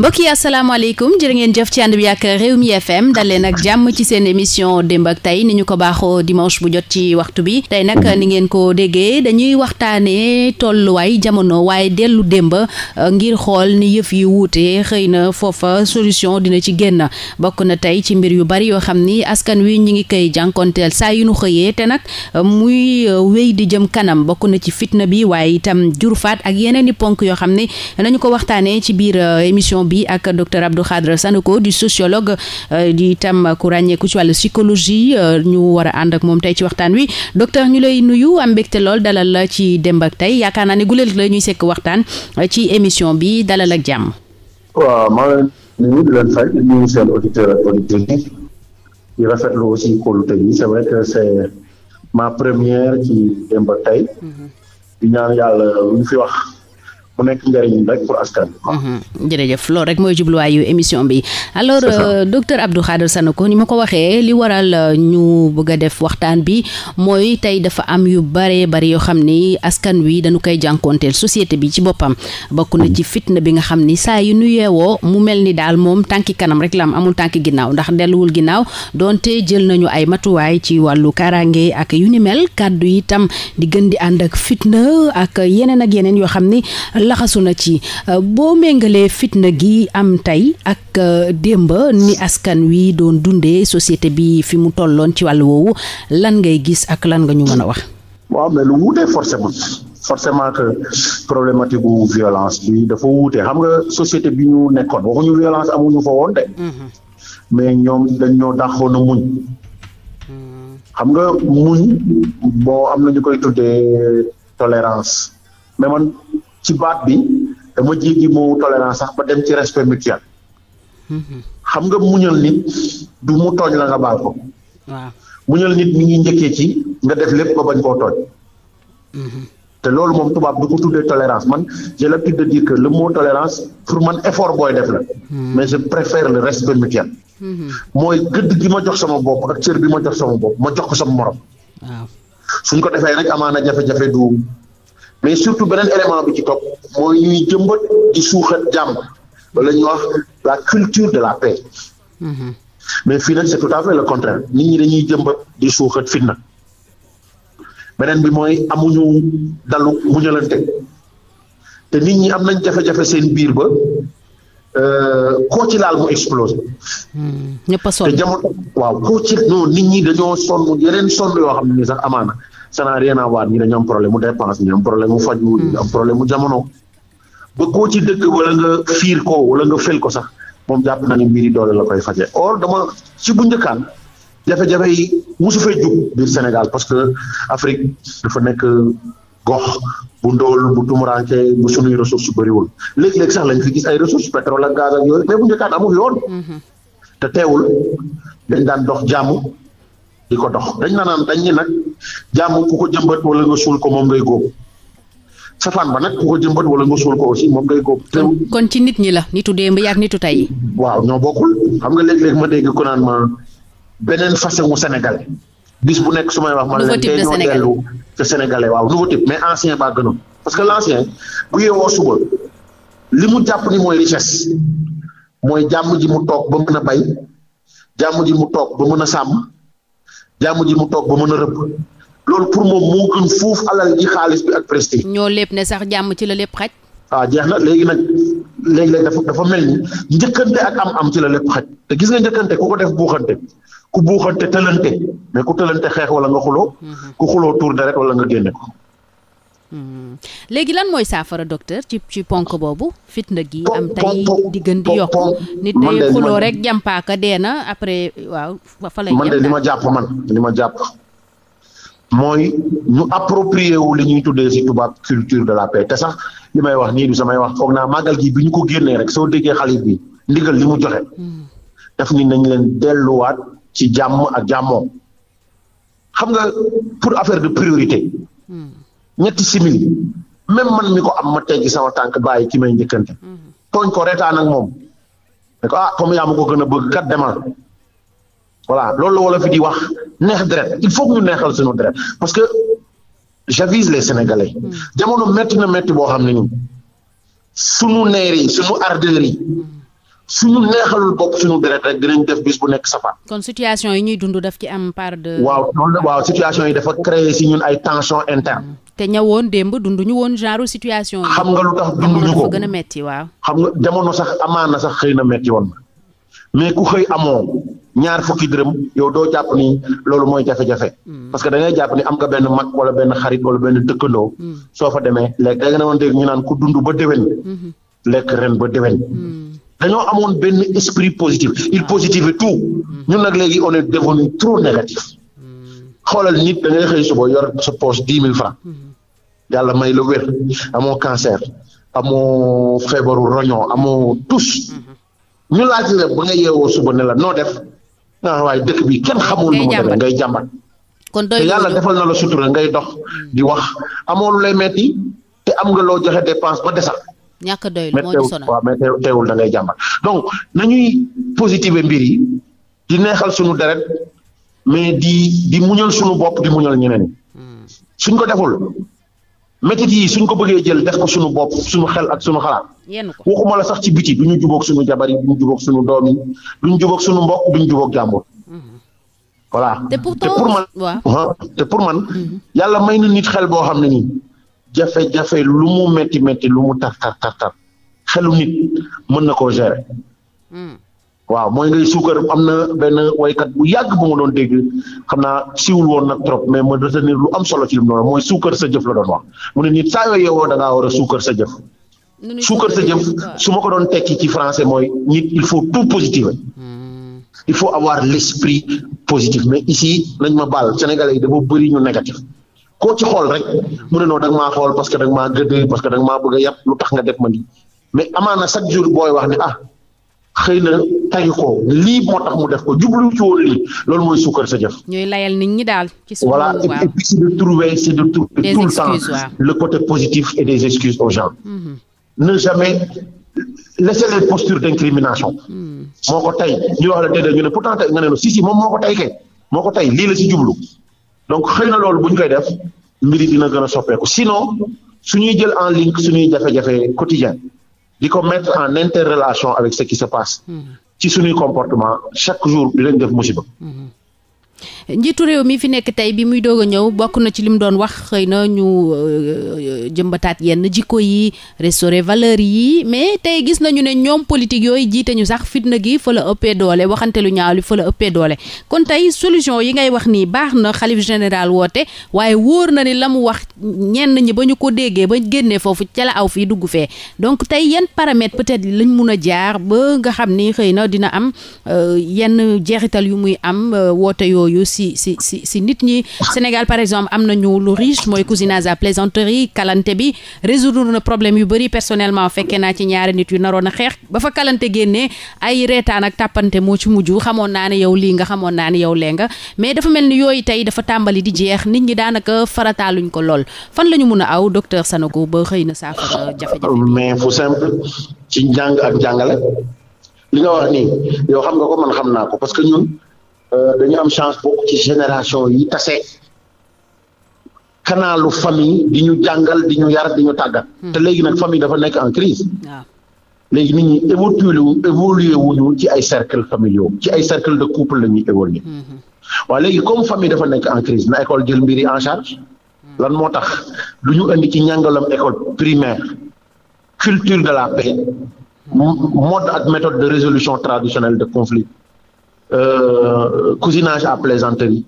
mbokk yi asalaamaaleykum jërë ngeen jëf ci ànd bi ak Rewmi FM dal ak jàmm ci seen émission démb ak tey ni ñu ko baaxoo dimanche bu jot ci waxtu bi tey nag ni ngeen ko déggee dañuy waxtaanee tolluwaay jamono waaye dellu démb euh, ngir xool ni yëf yi wuute xëy na foofa solution dina ci génn bokk na tey ci mbir yu bari yoo xam ni askan wi ñu ngi koy jànkonteel saa yu nu xëyee te nag euh, muy euh, wéy di jëm kanam bokk na ci fitna bi waaye itam jurufaat faat ak yeneen i ponk yoo xam ne nañu ko waxtaanee ci biir émission bi ak docteur Abdou Khadre Sanoko di sociologue euh, di itam ku ràññeeku ci wàllu psychologie euh, ñu war a ànd ak moom tey ci waxtaan wi docteur ñu lay nuyu am mbégte lool dalal la ci démb ak tey yaakaar naa ne guleel la ñuy sekk waxtaan euh, ci émission bi dalal ak jàmm. waaw maa ngi nuyu di leen fay nuyu seen auditeur ak auditrice yi di rafetlu aussi kóolute bi c'est vrai que c'est ma première ci démb ak tey. Mm-hmm. di ñaan yàlla lu ñu fi wax. mu nekk njëriñ rek mhm. jërëjëf loolu rek mooy jubluwaayu émission bi. alors euh, docteur Abdou Khadre Sanoko ni ma ko waxee li waral euh, ñu bëgg a def waxtaan bi mooy tey dafa am yu bare bari yoo xam ni askan wi dañu koy jànkoonteel société bi ci boppam bokk na ci fitna bi nga xam ni saa yu nu yeewoo mu mel ni daal moom tànki kanam rek la am amul tànki ginnaaw ndax delluwul ginnaaw donte jël nañu ay matuwaay ci wàllu kaaraange ak yu ni mel kàddu yi tam di gën di ànd ak fitna ak yeneen ak yeneen yoo xam ni laxasu na ci euh, boo méngalee fitna gi am tey ak euh, démba ni askan wi doon dundee société bi fi mu tolloon ci wàllu woowu lan ngay gis ak lan nga ñu mën a wax. waaw mais lu wuute forcément forcément que problématique gu violence bi dafa wuute xam nga société bi ñu nekkoon waxuñu violence amuñu fa woon de. Mhm. mais ñoom dañ ñoo dàqoon a muñ. xam nga muñ boo am na ñu koy tuddee tolérance mais ci baat bi dama jéggi moomu tolérance sax ba dem ci respect mutuel. xam nga muñal nit du mu tooñ la nga baal ko. waaw muñal nit mu ngi njëkkee ci nga def lépp ba bañ koo tooñ. te loolu moom tubaab du ko tuddee tolérance man j'ai l'habitude de dire que le tolérance pour man effort booy def la. mais je préfère le respect mutuel. mooy gëdd gi ma jox sama bopp ak cër bi ma jox sama bopp ma jox ko sama morom. waaw suñ ko defee rek amaana jafe-jafe du mais surtout beneen élément bi ci topp mooy ñuy jëmbat di suuxat jàmm wala ñuy wax la culture de la paix. Mmh. mais fii nag c'est tout à le contraire nit ñi dañuy jëmbat di suuxat fitna beneen bi mooy amuñu dalu muñalante te nit ñi am nañ jafe-jafe seen biir ba euh, koo ci laal mu explosé. Mm-hmm. ñëpp a sonn te jamono waaw koo ci non nit ñi dañoo sonn yeneen sonn yoo xam ne sax amaana ça n'a rien à voir ñi dañu am problème mu dépense ñu problème mu faju ñu problème mu jamono ba koo ci dëkk wala nga fiir ko wala nga fel ko sax moom jàpp na ni mbiri doole la koy faje or dama ci bu njëkkaan jafe-jafe yi musu fay jug biir Sénégal parce que Afrique dafa nekk gox bu ndóol bu tumuranke bu sunuy ressource bëriwul léeg-léeg sax lañ fi gis ay ressource pétrole ak gaz ak yooyu mais bu njëkkaan amul yoon mm-hmm. te teewul dañ daan dox jàmm di ko dox dañ na naan dañ ni nag jàmm ku ko jëmbat wala nga suul ko moom ngay góob safaan ba nag ku ko jëmbat wala nga suul ko aussi moom ngay góob. kon ci nit ñi la nitu démb yaak nitu tey. waaw ñoo bokkul xam nga léeg-léeg ma dégg ku naan ma beneen façon mu Sénégal bis bu nekk su may wax. man leen tey ñoo dellu te sénégalais waaw nouveau type mais ancien baa gënoon parce que l' ancien bu yeewoo suba li mu jàpp ni mooy richesse mooy jàmm ji mu toog ba mën a bay jàmm ji mu toog mën a sàmm. jàmm ji mu toog ba mën a rëbb loolu pour moom moo gën fuuf alal ji xaalis bi ak prestige. ñoo lépp ne sax jàmm ci la lépp xaj. ah jeex na léegi nag léegi nag dafa dafa mel ni njëkkante ak am-am ci la lépp xaj te gis nga njëkkante ku ko def buuxante ku buuxante tëlante mais ku tëlante xeex wala nga xuloo mm-hmm. ku xuloo tuur deret wala nga génne ko. Hmm. léegi lan mooy saafara docteur ci ci ponk boobu fitna gi am tey nit day xuloo rek jàmpaaka dee na après waaw fa lay man de li ma jàpp man li ma jàpp mooy ñu approprié wu li ñuy tuddee ci tubaab culture de la paix te sax li may wax nii du samay wax foog naa màggal gi bi ñu ko génnee rek soo déggee xalit bi ndigal li mu joxe hmm. daf ni nañ leen delluwaat ci jàmm ak jàmmoo xam nga pour affaire de priorité hmm. ñetti simili même man mi ko am ma teggi sama tànk bàyyi ki may njëkkante tooñ ko reetaan moom ah comme yaa ko gën a bëgg kat demal voilà loolu la wala di wax neex deret il faut que ñu neexal suñu deret parce que j'avise les sénégalais mm. jamono métti na métti boo xam ne ñun suñu neer yi suñu suñu neexalul bopp suñu deret rek dinañ def bis bu nekk safaan. kon situation yi ñuy dund daf ci am part de. waaw waaw situation yi dafa créer si ñun ay tension interne. te ñëwoon démb ñu woon genre situation yi. xam nga lu tax dunduñu ko gën a metti waaw. xam nga jamono sax amaana sax xëy na metti woon mais ku amoo ñaar fukki dërëm yow doo jàpp ni loolu mooy jafe-jafe. Hmm. parce que da ngay jàpp ni am nga benn mag wala benn xarit wala benn dëkkandoo. Hmm. soo fa demee léegi da nga doon dégg ñu naan ku dund ba déwén. Hmm. lekk ren ba déwén. dañoo amoon benn esprit positif il ah. positive tout ñun nag léegi on est devenu trop négatif hmm. xoolal nit da ngay xëy suba yor sa poche dix mille francs hmm. yàlla may la wér amoo cancer amoo feebaru roño amoo tus hmm. ñu laaj la ba nga yeewoo suba ne la noo def ah waaye dëkk bi kenn xamul nu mu demee ngay jàmbat kon doy yàlla defal na la sutura ngay dox di wax amoo lu lay te am nga loo joxe dépense ba desal ñàkk doylu moo ñu sonal teewul da ngay jàmbat donc nañuy positive mbir yi di neexal suñu deret mais di di muñal suñu bopp di muñal ñeneen hmm. suñ ko deful métit yi suñ ko bëggee jël def ko suñu bopp suñu xel ak suñu xalaat waxuma la sax ci biti duñu jubóog suñu jabar yi duñu jubóog suñu doom yi duñu jubóog suñu mbokk duñu jubóog jàmbur hmm. voilà te pour man te pour man hmm. yàlla may na nit xel boo xam ne nii jafe-jafe lu mu métti métti lu mu tar tar tar xelu nit mën na koo gérer. Hmm. waaw mooy ngay suukar am na benn waykat bu yàgg bu ma doon dégg xam naa siwul woon nag trop mais ma retenir lu am solo ci li mooy suukar sa jëf la doon wax mu ne nit saa war a suukar sa jëf. suukar sa jëf su ma ko doon tekki ci français mooy nit il faut tout positif. Hmm. il faut avoir l' esprit positif mais issi nañ ma baal sénégalais yi dafa bëri ñu négatif. koo ci xool rek mu ne noo da nga maa xool parce que da maa gëdd a yàpp lu tax nga def ma nii mais amaana chaque jour booy wax ne ah xëy na tayu ko lii moo tax mu def ko jublu ci woon lii loolu mooy suukar sa jëf. ñooy layal nit ñi daal. ci suñu voilà et puis c'est de le côté positif et des excuses aux mm-hmm. ne jamais laisser les postures d'incrimination. Mm. moo ko tay ñu wax la déedéet ñu ne pourtant tey nga ne si si moom moo ko tay kay moo ko tay lii la si jublu. donc xëy na loolu bu ñu koy def mbir yi dina gën a soppeeku sinon suñuy jël en ligne suñuy jafe-jafe quotidien di ko mettre en interrelation avec ce qui se passe hmm. ci suñuy comportement chaque jour dinañ def musiba hmm. njiitu réew mi fi nekk tey bi muy doog a ñëw bokk na ci li mu doon wax xëy na ñu euh, jëmbataat yenn jikko yi restaurer valeur yi mais tey gis nañu ne ñoom politique yooyu jiite ñu sax fitna gi fa la ëppee doole waxante lu ñaaw li fa la ëppee doole. kon tey solution yi ngay wax nii baax na xalif général woote waaye wóor na ni la mu wax ñenn ñi ba ñu ko déggee ba génnee foofu ca aw fii dugg fee donc tey yenn paramètres peut-être lañ mun a jaar ba nga xam ni xëy na dina am euh, yenn jeexital yu muy am euh, woote yoo yooyu si si si si nit ñi Sénégal par exemple am nañu lu riche mooy cousinage à plaisanterie kalante bi résoudre na problème yu bëri personnellement fekke naa ci ñaari nit yu naroon a xeex ba fa kalante génnee ay reetaan ak tàppante moo ci mujj xamoon naa ne yow lii nga xamoon naa ne yow lee nga mais dafa mel ni yooyu tey dafa tàmbali di jeex nit ñi daanaka farataaluñ ko lool fan la ñu mun a aw docteur Sanogo ba xëy na saafara jafe-jafe mais fu simple ci njàng Euh, dañu am change bokk ci génération yi tase kanaalu famille di ñu jàngal di ñu yar di ñu tàggat. Hmm. te léegi nag famille dafa nekk en crise léegi nit ñi évolué wu évolué wuñu ci ay cercle familiaux ci ay cercle de couple la ñuy évolué hmm. waaw léegi comme famille dafa nekk en crise na école jël mbiri en charge hmm. lan moo tax du ñu indi ci njàngalam école primaire culture de la paix mode ak méthode de résolution traditionnelle de conflit Euh, cousinage à plaisanterie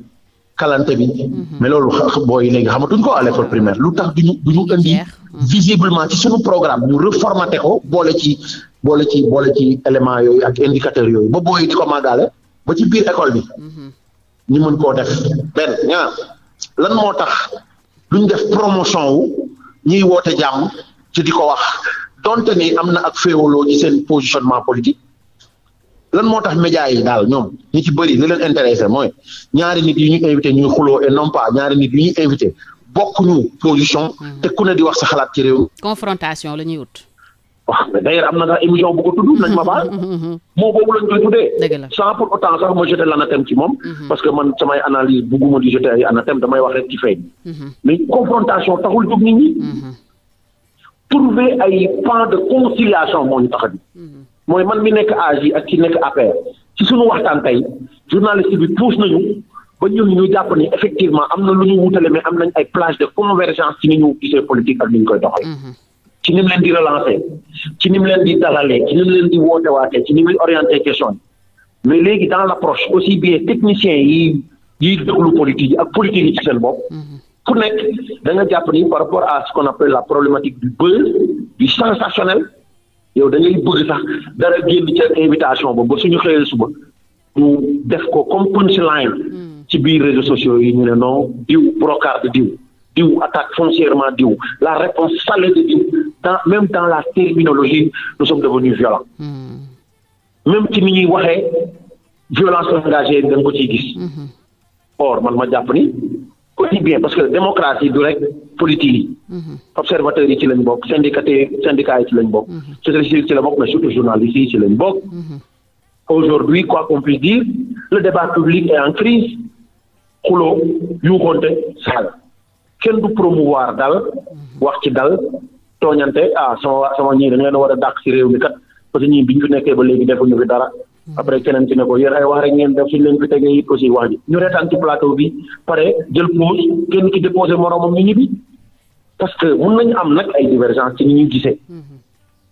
kalante bi mhm. mais loolu booy yi léegi xamatuñ ko à l'école ah. primaire lu tax duñu duñu indi mhm. visiblement ci suñu programme ñu reformaté ko boole ci boole ci boole ci élément yooyu ak indicateur yooyu ba booy di ko màggaale ba ci biir école bi mhm. ñu mën koo def benn ñaar lan moo tax duñ def promotion wu ñuy woote jàmm ci di ko wax donte ni am na ak féewaloo ci seen positionnement politique lan moo tax médias yi daal ñoom ñi ci bëri li leen intéressé mooy ñaari nit yi ñu invité ñuy xuloo et non pas ñaari nit yi ñuy invité bokkuñu position. Mm-hmm. te ku ne di wax sa xalaat ci réew confrontation la ñuy wut. waaw mais d'ailleurs am na sax émission bu ko tudd nañ ma baal. Mm-hmm. moo boobu lañ koy tuddee. la sans pour autant sax ma mm-hmm. man samay analyse bugguma di jeter ay anathème damay wax rek feeñ. mais confrontation taxul jóg nit trouver ay point de conciliation moo ñu a mooy man mi nekk AJ ak ki nekk APR ci suñu waxtaan tey journaliste bi puus nañu ba ñun ñu jàpp ni effectivement am na lu ñu wutale mais am nañ ay plage de convergence ci ni ñu gisee politique ak ni ñu koy doxal mm-hmm. ci ni mu leen di relancer ci ni leen di dalalee ci ni mu leen di wootewaatee ci ni muy orienté question yi mais léegi dans l'approche aussi bien technicien yi yiy déglu politique yi ak politique yi ci seen bopp mm-hmm. ku nekk da nga jàpp ni par rapport à ce qu'on appelle la problématique du buzz du sensationnel yow da ngay bëgg sax dara génn ca invitation ba ba suñu xëyee suba ñu def ko comme punchline hmm. ci biir réseaux sociaux yi ñu ne non diw brocard diw diw attaque foncièrement diw la réponse salée de diw dans même dans la terminologie nous sommes devenus violents hmm. même ci ni ñuy waxee violence engagée dañ ko ciy gis hmm. or man ma jàpp ni aussi bien parce que démocratie du rek politique yi. Mm-hmm. observateurs yi ci lañ bokk syndicaté syndicats yi ci lañ bokk. Mm-hmm. société civile ci la bokk mais surtout journalistes yi ci lañ bokk. Mm-hmm. aujourd'hui quoi qu'on puisse dire le débat public est en crise xuloo yuuxoonte saal kenn du promouvoir dal wax ci dal tooñante ah sama sama ñii dañ leen war a ci réew mi kat parce que ñii bi fi nekkee ba léegi defuñu fi dara après keneen ki ne ko yéen ay wax rek ngeen def suñ leen ko tegee it aussi wax ji ñu reetaan ci plateau bi pare jël pause kenn ki déposé moroomam ñu ñibbi parce que mun nañu am nag ay divergence ci ni ñuy gisee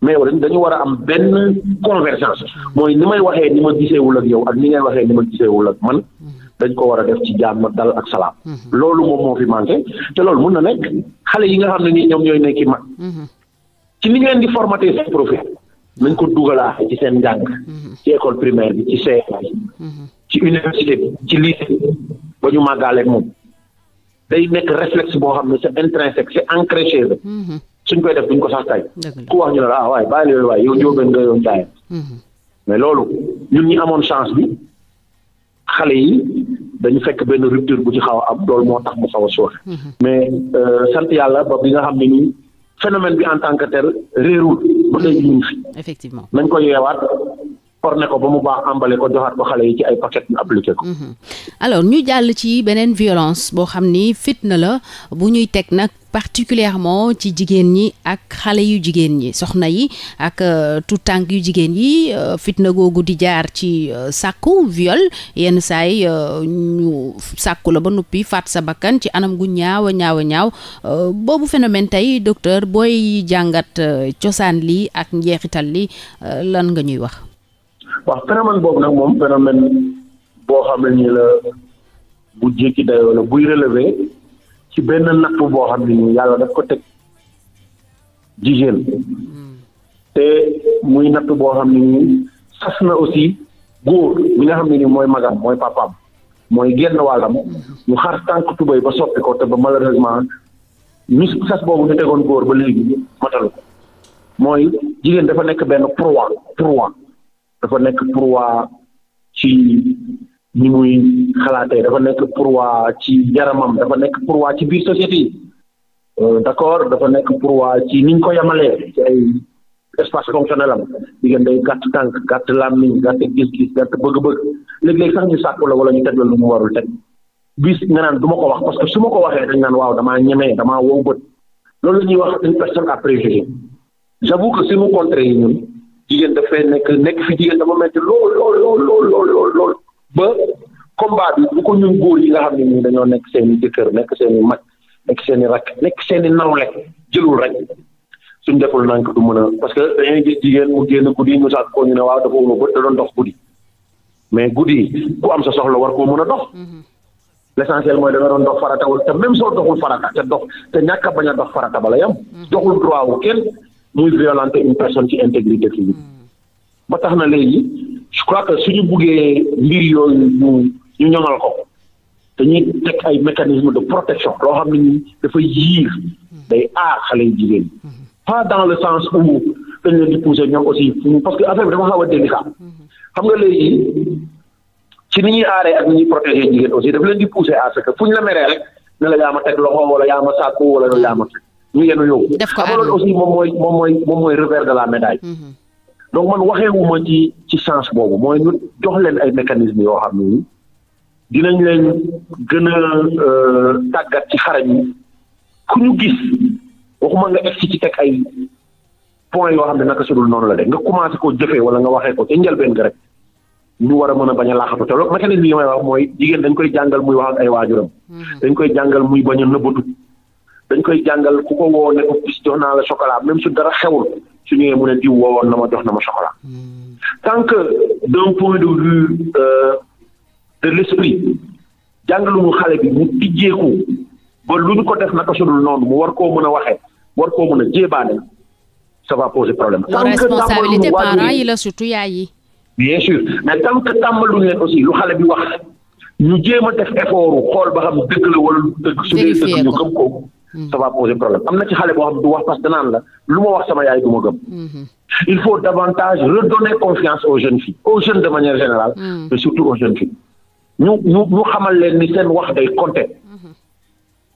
mais dañu war a am benn convergence mooy ni may waxee ni ma giseewul ak yow ak ni ngay waxee ni ma giseewul ak man dañ ko war a def ci jàmm dal ak salaam loolu moom moo fi manqué te loolu mun na nekk xale yi nga xam ne nii ñoom ñooy nekki nañ ko dugalaa ci seen njàng mhm. ci école primaire bi ci CEA bi mhm. ci université bi ci lycée bi ba ñu màggaaleeg moom day nekk réflexe boo xam ne c'est intrinsèque c'est ancré chez eux mhm. suñ koy def duñ ko sax tay ku wax ñu ne la ah, waaye bàyyi la waaye yow njóobeen nga yow njaayeen mais loolu ñun ñi amoon chance bi xale yi dañu fekk benn rupture bu ci xaw a am loolu moo tax mu xaw a sooxe mais euh, sant yàlla ba bi nga xam ne nii phénomène bi en tant que tel réerul ba léegi ñu ngi fi. effectivement nañ ko yeewaat former ko ba mu baax emballé ko joxaat ko xale yi ci ay paquet ñu appliqué ko. Mhm. alors ñu jàll ci beneen violence boo xam ni fitna la bu ñuy teg nag particulièrement ci jigéen ñi ak xale yu jigéen ñi soxna yi ak euh, tout tànk yu jigéen yi euh, fitna googu di jaar ci euh, sàkku viol yenn saay ñu sàkku la ba noppi faat sa bakkan ci anam gu ñaaw a ñaaw a ñaaw boobu phénomène tey docteur booy jàngat cosaan li ak njeexital li lan nga ñuy wax waaw phénomène boobu nag moom phénomène boo xam ne nii la bu jékki day la buy relever ci benn natt boo xam ne nii yàlla daf ko teg jigéen te muy natt boo xam ne nii sas na aussi góor mi nga xam ne nii mooy magam mooy papaam mooy genn wàllam ñu xar tànk tubéy ba soppi ko te ba malheureusement mis sas boobu ñu tegoon góor ba léegi matalu ko mooy jigéen dafa nekk benn pour proie dafa nekk waa ci ni muy xalaatee dafa nekk pour pourwaa ci yaramam dafa nekk pour waa ci biir société yi euh, d'accord dafa nekk pour waa ci niñ ko yemalee ci ay espace fonctionnel am diggante gàtt tànk gàtt làmmiñ gàtt gis-gis gàtt bëgg-bëgg léeg-léeg sax ñu sàkku la wala ñu teg la lu mu warul teg bis nga naan duma ko wax parce que su ma ko waxee dañ naan waaw damaa ñemee dama wow bët loolu la ñuy wax une personne à préjugé j'avoue que suñu contrée yi ñun jigéen dafay nekk nekk fi jigéen dafa métti lool lool lool lool lool lool lool ba combat bi bu ko ñun góor yi nga xam ne nii dañoo nekk seen i jëkkër nekk seen i mag nekk seen i rakk nekk seen i nawle jëlul rek suñ deful nank du mën a parce que dañuy gis jigéen mu génn guddi ñu sax ko ñu ne waaw dafa uma bët da doon dox guddi mais guddi ku am sa soxla war koo mën a dox mm-hmm. l' essentiel mooy da nga doon dox farata wala te même soo doxul farata te dox a bañ a dox farata muy violenter une personne ci intégrité physique hmm. ba tax na léegi je crois que suñu buggee mbir yooyu ñu ñu ñoŋal ko dañuy teg ay mécanismes de protection loo xam ne ni dafay yiir day aar xale yu jigéen hmm. pas dans le sens où dañ di pousser ñoom aussi parce que affaire bi dafa xaw a délicat hmm. xam nga léegi ci ni ñuy aaree ak ni ñuy protéger jigéen aussi daf leen di pousser à ce que fu ñu la meree rek ne teg loxo wala yaa ma sàkku wala yaa ma ñu yenu yóbbu. def ko moom mooy moom mooy moom mooy revers de la médaille. Mm-hmm. donc man waxeewuma ci ci sens boobu mooy ñu jox leen ay mécanismes yoo xam ni dinañ leen gën a euh, tàggat ci xarañ yi ku ñu gis waxuma nga egg ci teg ay point yoo xam ne naka sudul noonu la de nga commencé koo jëfee wala nga waxee ko te njëlbeen nga rek ñu war a mën a bañ a laaxatu te loolu mécanisme yi may wax mooy jigéen dañ koy jàngal muy wax ay waajuram. Mm-hmm. dañ koy jàngal muy bañ nëbbatu dañ koy jàngal ku ko woo ne bis jox naa la chocolat même su dara xewul su ñëwee mu ne diw woowoon na ma jox na ma chocolat hmm. tant que d'un point de vue euh, de l'esprit jàngaluñu xale bi mu tijjeeku ba lu ñu ko def naka sudul noonu mu war koo mën a waxee war koo mën a jéebaane ça va poser problème. tant que responsabilité parents yi la surtout yi. bien sûr mais leen aussi lu xale bi wax ñu jéem a def effort xool ba xam dëgg la wala dëgg su dee dëgg ñu gëm ko. Hmm. ça va poser problème am na ci xale boo xam du wax parce que danaan la lu ma wax sama yaay du ma gëm. Hmm. il faut davantage redonner confiance aux jeunes filles aux jeunes de manière générale. mais hmm. surtout aux jeunes filles. ñu ñu ñu xamal leen ni seen wax day compter.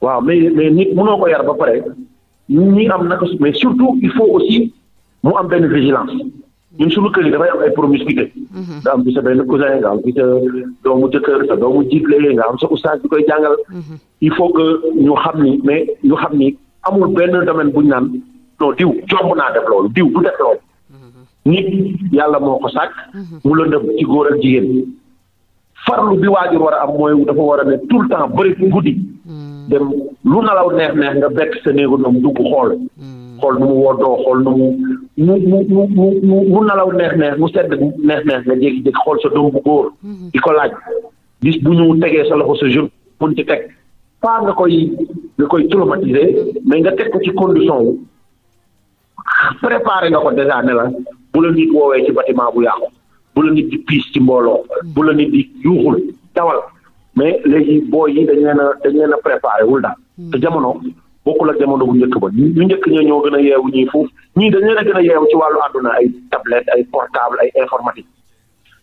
waaw mais mais nit mënoo ko yar ba pare ñi am naka mais surtout il faut aussi mu am benn vigilance. ñun suñu kër yi dafay am ay promiscuité mhm. nga am bi sa benn cousin nga am bi sa doomu jëkkër sa doomu jible nga am sa oustaz bi koy jàngal mhm. il faut ñu xam ni mais ñu xam ni amul benn domaine buñ naan non diw jomb naa def loolu diw du def loolu mhm. nit yàlla moo ko sàkk mu lëndëm ci góor jigéen farlu bi waajur war a am mooy dafa war a ne tout le temps bëri guddi dem lu nalaw neex neex nga bett sa néegu noom dugg xool xool nu mu woddoo xool nu mu mu mu mu mu mu neex neex mu sedd neex neex nga jékki-jékki xool sa doom bu góor di ko laaj bis bu ñu tegee sa loxo sa jour mun ci teg pas nga koy nga koy traumatiser mais nga teg ko ci condition wu préparé nga ko déjà ne la bu la nit woowee ci bâtiment bu yàqu bu la nit di piis ci mbooloo bu la nit di yuuxul dawal mais léegi booy yi dañ leen a dañ leen wul daal hmm. te jamono bokkul ak jamono bu njëkk ba ñu njëkk ñoo gën a yeewu ñii foofu ñii dañ leen a gën a yeewu ci wàllu àdduna ay tablette ay portable ay informatique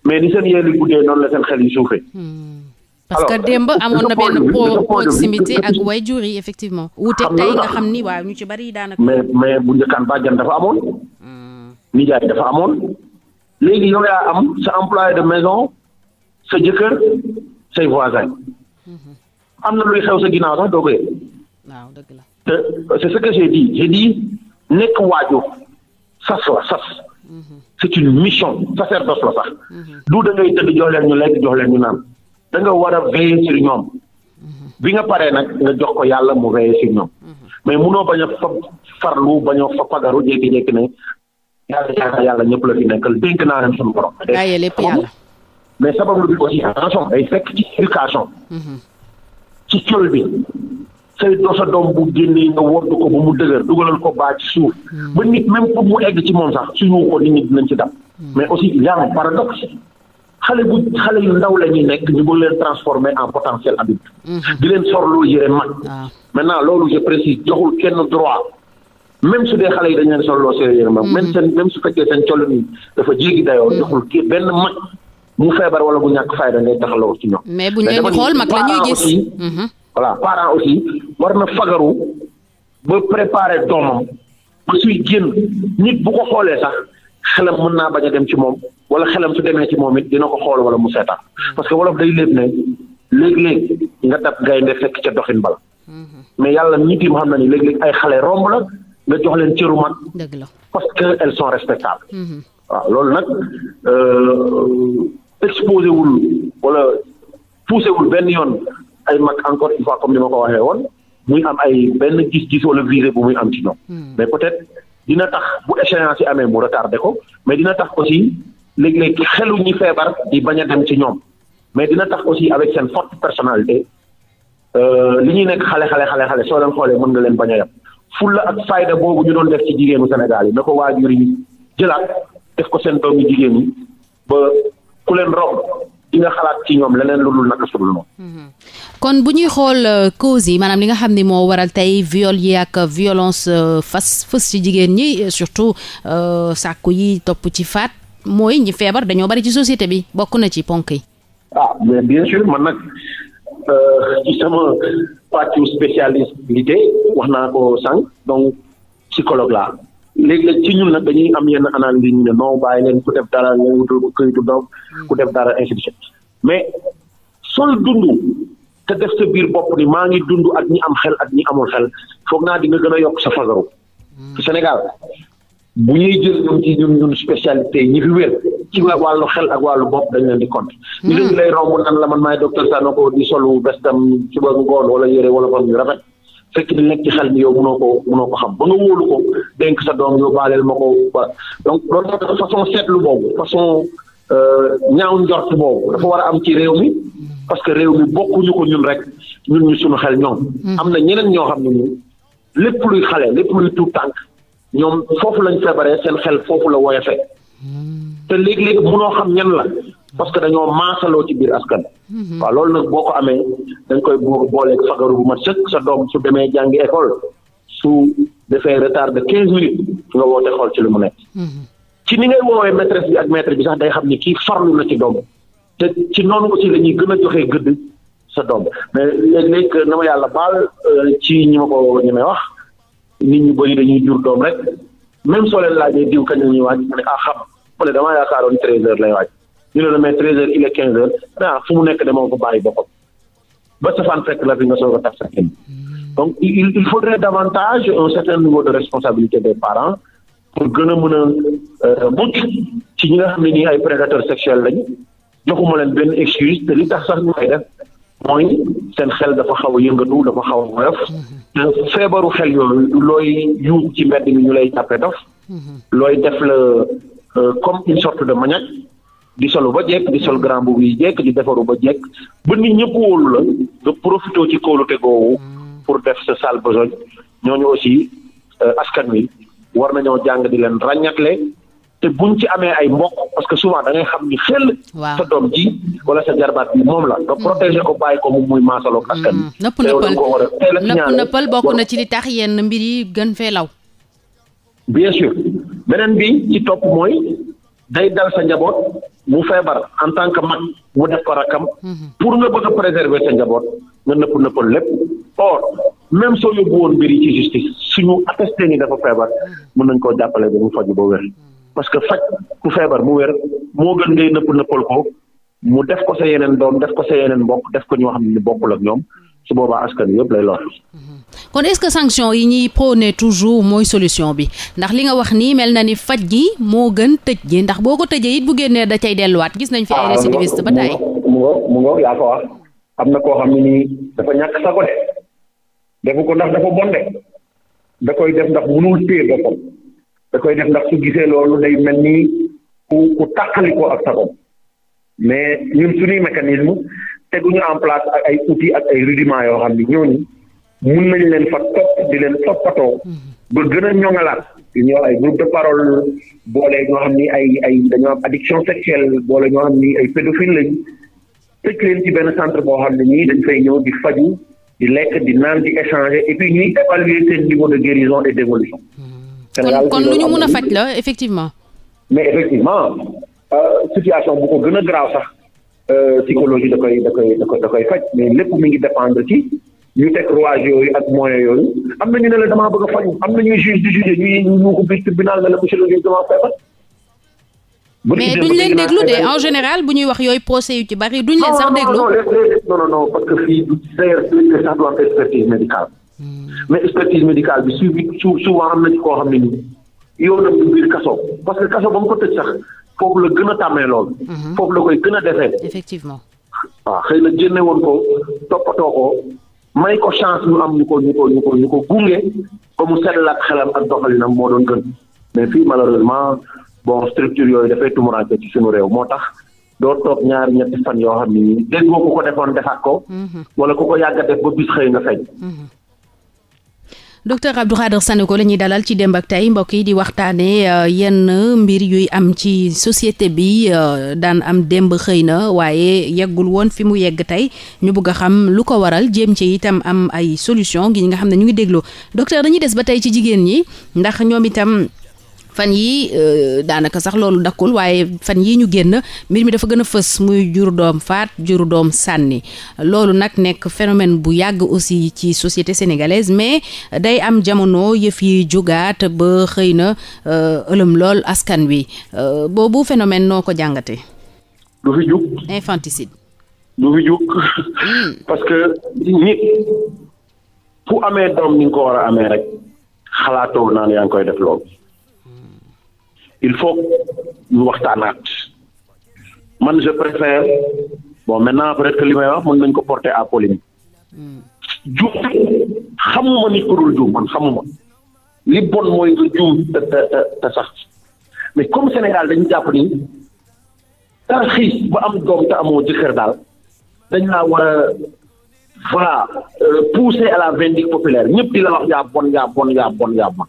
mais ni seen yéen a guddee noonu la seen xel yi suufee. Hmm. parce que démb amoon na benn proximité ak waajur yi effectivement. wuuteeg tey nga xam ni waaw ñu ci bari daanaka. mais mais bu njëkkaan bàjjan dafa amoon. Hmm. nijaay dafa amoon. léegi yow yaa am sa employé de maison sa jëkkër say voisin hmm. am na luy xew sa ginnaaw c'est ce que j'ai dit j'ai dit nekk waajur sas la sas c'est une mission sacerdoce la sax du da tëdd jox leen ñu lekk jox leen ñu naan da nga war a veiller sur ñoom bi nga paree nag nga jox ko yàlla mu veiller sur ñoom mais munoo bañ a fa farlu bañ a fa pagaru jékki-jékki ne yàlla yàlla yàlla ñëpp la fi nekkal dénk naa leen suñu borom. bàyyi lépp mais sabab lu bi aussi attention day fekk ci éducation. Mm-hmm. ci col say do sa doom bu génnee nga wodd ko ba mu dëgër dugalal ko baa ci suuf hmm. ba nit même pour mu egg ci moom sax suñu ko nit ñi dinañ ci dab hmm. mais aussi il y a un xale bu xale yu ndaw la ñuy nekk ñu bëgg leen transformer en potentiel adulte hmm. di leen sorloo yére mag ah. maintenant loolu je précise joxul kenn droit même su dee xale yi dañ leen sorloo ma yére mag même seen même su fekkee seen colin yi dafa jéggi dayoo joxul kii benn mag mu feebar wala bu ñàkk fayda ngay taxaloo ci ñoom mais bu ñu leen xool war na fagaru ba préparer doomam ba suy génn nit bu ko xoolee sax xelam mën naa bañ a dem ci moom wala xelam su demee ci moom it dina ko xool wala mu seetaan mm-hmm. parce que wolof day léeb ne léeg-léeg nga dab gaynde fekk ca doxin bala mm-hmm. mais yàlla nit yi ma xam na ni léeg-léeg ay xale romb la nga jox leen cëru mag parce que elles sont respectables mm-hmm. waaw loolu nag euh, exposé wul wala poussé benn yoon ay mag encore une fois comme ni ma ko waxee muy am ay benn gis-gis wala visée bu muy am ci ñoom. Hmm. mais peut-être dina tax bu échéance yi amee mu retardé ko mais dina tax aussi léeg-léeg xelu ñi feebar di bañ a dem ci ñoom mais dina tax aussi avec seen forte personnalité euh, li ñuy nekk xale xale xale xale soo leen xoolee mën nga leen bañ a yem fulla ak fayda boobu ñu doon def ci jigéenu Sénégal yi na ko waajur yi jëlaat def ko seen doomi jigéen yi ba ku leen romb di nga xalaat ci ñoom leneen lu dul naka sudul noonu hmm. kon bu ñuy xool euh, causes yi maanaam li nga xam ni moo waral tey viol yi ak euh, violence euh, fas fas ci jigéen ñi surtout sàkku yi topp ci faat mooy ñi feebar dañoo bari ci société bi bokk na ci ponk yi. ah mais bien sûr man nag ci sama pàccu spécialité wax naa ko sànq donc psychologue laa léegi nag ci ñun nag dañuy am yenn analyse yi ñu ne non bàyyi leen ku def dara nga wutul këyitu ku def dara institution mais sol dundu. te def sa biir bopp ni maa ngi dund ak ñi am xel ak ñi amul xel foog naa di nga gën a yokk sa fagaru. Hmm. Sénégal bu ñuy jël ñun ci ñun ñun spécialité ñi fi wér ci wàllu xel ak wàllu bopp dañ leen di compte. ñu hmm. leen lay romb la man maay docteur Sanoko di solu bestam suba ngoon wala yére wala fan yu rafet fekk di nekk ci xel mi ko mënoo xam ba ko dénk sa doom yow ma ko ba donc loolu façon seetlu boobu façon. Euh, ñaaw njort boobu dafa war a am ci réew mi parce que réew mi bokkuñu ko ñun rek ñun ñu suñu xel ñoom. Hmm. am na ñeneen ñoo xam ne ñun lépp luy xale lépp luy tuut tànk ñoom foofu lañ feebaree seen xel foofu la woyofee hmm. te léegi-léegi mënoo xam ñan la parce que dañoo maasaloo ci biir askan. Hmm. waaw loolu nag boo ko amee dañ koy booleeg fagaru bu ma sëkk sa doom su demee jàngi école su defee retard de quinze minutes nga woote xool ci li mu nekk. ci ni ngay woowee maîtresse bi ak maître bi sax day xam ni kii farlu na ci doom te ci noonu aussi la ñuy gën a joxee gëdd sa doom mais léeg-léeg na ma yàlla baal euh, ci ñi ko ñi may wax nit ñu bëri dañuy jur doom rek même soo leen laajee diw kañ la ñuy waaj mu ne ah xam ma ne damaa yaakaaroon treize heures lay waaj ñu ne la mais treize heures il est quinze heures ah, fu mu nekk de moo ko bàyyi boppam ba sa fan fekk la fi nga soo a tax sa hmm. donc il il faudrait davantage un certain niveau de responsabilité des parents pour gën a mën a euh, ci ñi nga xam ne nii ay prédateurs sexuels lañ joxuma leen benn excuse te li tax sax ñu koy def mooy seen xel dafa xaw a yëngatu dafa xaw a woyof te mm-hmm. euh, feebaru xel yooyu looy yuut ci mbedd mi ñu lay jàppee dof mm-hmm. looy def la euh, comme une de maniaque di solu ba jekk di sol grand boobu yi jekk di defaru ba jekk ba nit ñëpp wóolu la nga profité ci kóolute goowu mm-hmm. pour def sa sale besogne ñooñu aussi askan wi war nañoo jàng di leen ràññatle te buñ ci amee ay mbokk parce que souvent da ngay xam ni xel. sa doom ji wala sa jarbaat bi moom la. nga mm. ko bàyyi ko moom muy maasaloog mm. askan bi. nëpp nëppal nëppal bokk na ci li tax yenn mbir bi ci topp mooy day dal sa njaboot mu feebar en tant que mag mu def ko rakkam mm-hmm. pour a préserver sa njaboot nga nëpp nëppal lépp or même soo yóbbu woon mbir yi ci justice. suñu attesté ni dafa feebar mën nañ koo jàppale ba mu faju ba wér parce que faj ku feebar mu wér moo gën ngay nëpp nëppal ko mu def ko sa yeneen doom def ko sa yeneen mbokk def ko ñoo xam ne bokkul ak ñoom su boobaa askan yëpp lay lor. Mhm. kon est-ce que sanction yi ñuy prôné mooy solution bi ndax li nga wax nii mel na ni faj gi moo gën tëj gi ndax boo ko tëjee it bu génnee da cay delluwaat gis nañ fi ay ah, récidiviste ba mu ngoog mu yaa ko wax am na koo xam ne nii dafa ñàkk sa ko de defu ko ndax dafa bon da koy def ndax mënul téye boppam da koy def ndax su gisee loolu lay mel nii ku ku tàqali ko ak sagom mais ñun suñuy mécanisme teguñu en place ak ay outils ak ay rudiments yoo xam ni ñooñu mun nañ leen fa topp di leen toppatoo mm-hmm. ba gën a ñoŋalaat ñu wax ay groupe de parole boole ñoo xam ni ay ay dañoo am addiction sexuelle boole ñoo xam ni ay pédophile lañu tëj leen ci benn centre boo xam ne nii dañ fay ñëw di faju di lekk di naan di échanger et ñuy évaluer seen niveau de guérison et d'évolution kon lu ñu mun a faj la effectivement. mais effectivement euh, situation bu ko gën a grave sax euh, psychologie da koy da koy da koy faj mais lépp mi ngi dépendre ci ñu teg rouage yooyu ak moyens yooyu am na ñu ne damaa bëgg a faju am na ñuy juge di juge ñuy ñu ko biir tribunal ne la monsieur damaa feebar mais duñ leen déglu de en général bu ñuy wax yooyu procès yu ci bari duñ leen sax déglu non non non parce que fii d'ailleurs sax doon expertise médicale hmm. mais expertise médicale bi su souvent am na ci koo xam ne nii yow na mu kaso parce que kaso ba mu ko tëj sax foofu la gën a tàmmee lool hmm. foofu la koy gën a defee effectivement waaw xëy na génne woon ko toppatoo ko may ko chance ñu am ñu ko ñu ko ñu ko gunge ba mu seddalaat xelam ak bon structure yooyu dafay tumuranke ci suñu réew moo tax doo toog ñaari ñetti fan yoo xam ni déggoo ku ko defoon defaat ko. Mhm. wala ku ko yàgg ba bis xëy na feeñ. Mhm. docteur Abdou Khadre Sanoko la dalal ci démb ak tey mbokk yi di waxtaane euh, yenn mbir yuy am ci société bi euh, daan am démb xëy na waaye yeggul woon fi mu yegg tey ñu bugg a xam lu ko waral jéem ci itam am ay solution gi nga xam ne ñu ngi déglu docteur dañuy des ba tey ci jigéen ñi ndax ñoom fan yi euh, daanaka sax loolu dakkul waaye fan yii ñu génn mbir mi dafa gën a fës muy jur doom faat jur doom sànni loolu nag nekk phénomène bu yàgg aussi ci société sénégalaise mais day am jamono yëf yi jugaat ba xëy na euh, ëlëm lool askan wi euh, boobu phénomène noo ko jàngatee. du fi jug infanticide. du fi jug hmm. parce que nit fu amee doom ni nga ko war a amee rek xalaatoo naan yaa ngi koy def loolu. il faut ñu waxtaanaat man je préfère bon maintenant peut-être que li may wax mën nañ ko porter à polémique juum xamuma nit ku dul juum man xamuma li bon mooy nga juum te te te sax mais comme Sénégal dañu jàpp ni tarxiis ba am doom te amoo jëkkër daal dañ laa war a voilà euh, à la vindicte populaire ñëpp di la wax yaa bon yaa bon yaa bon yaa bon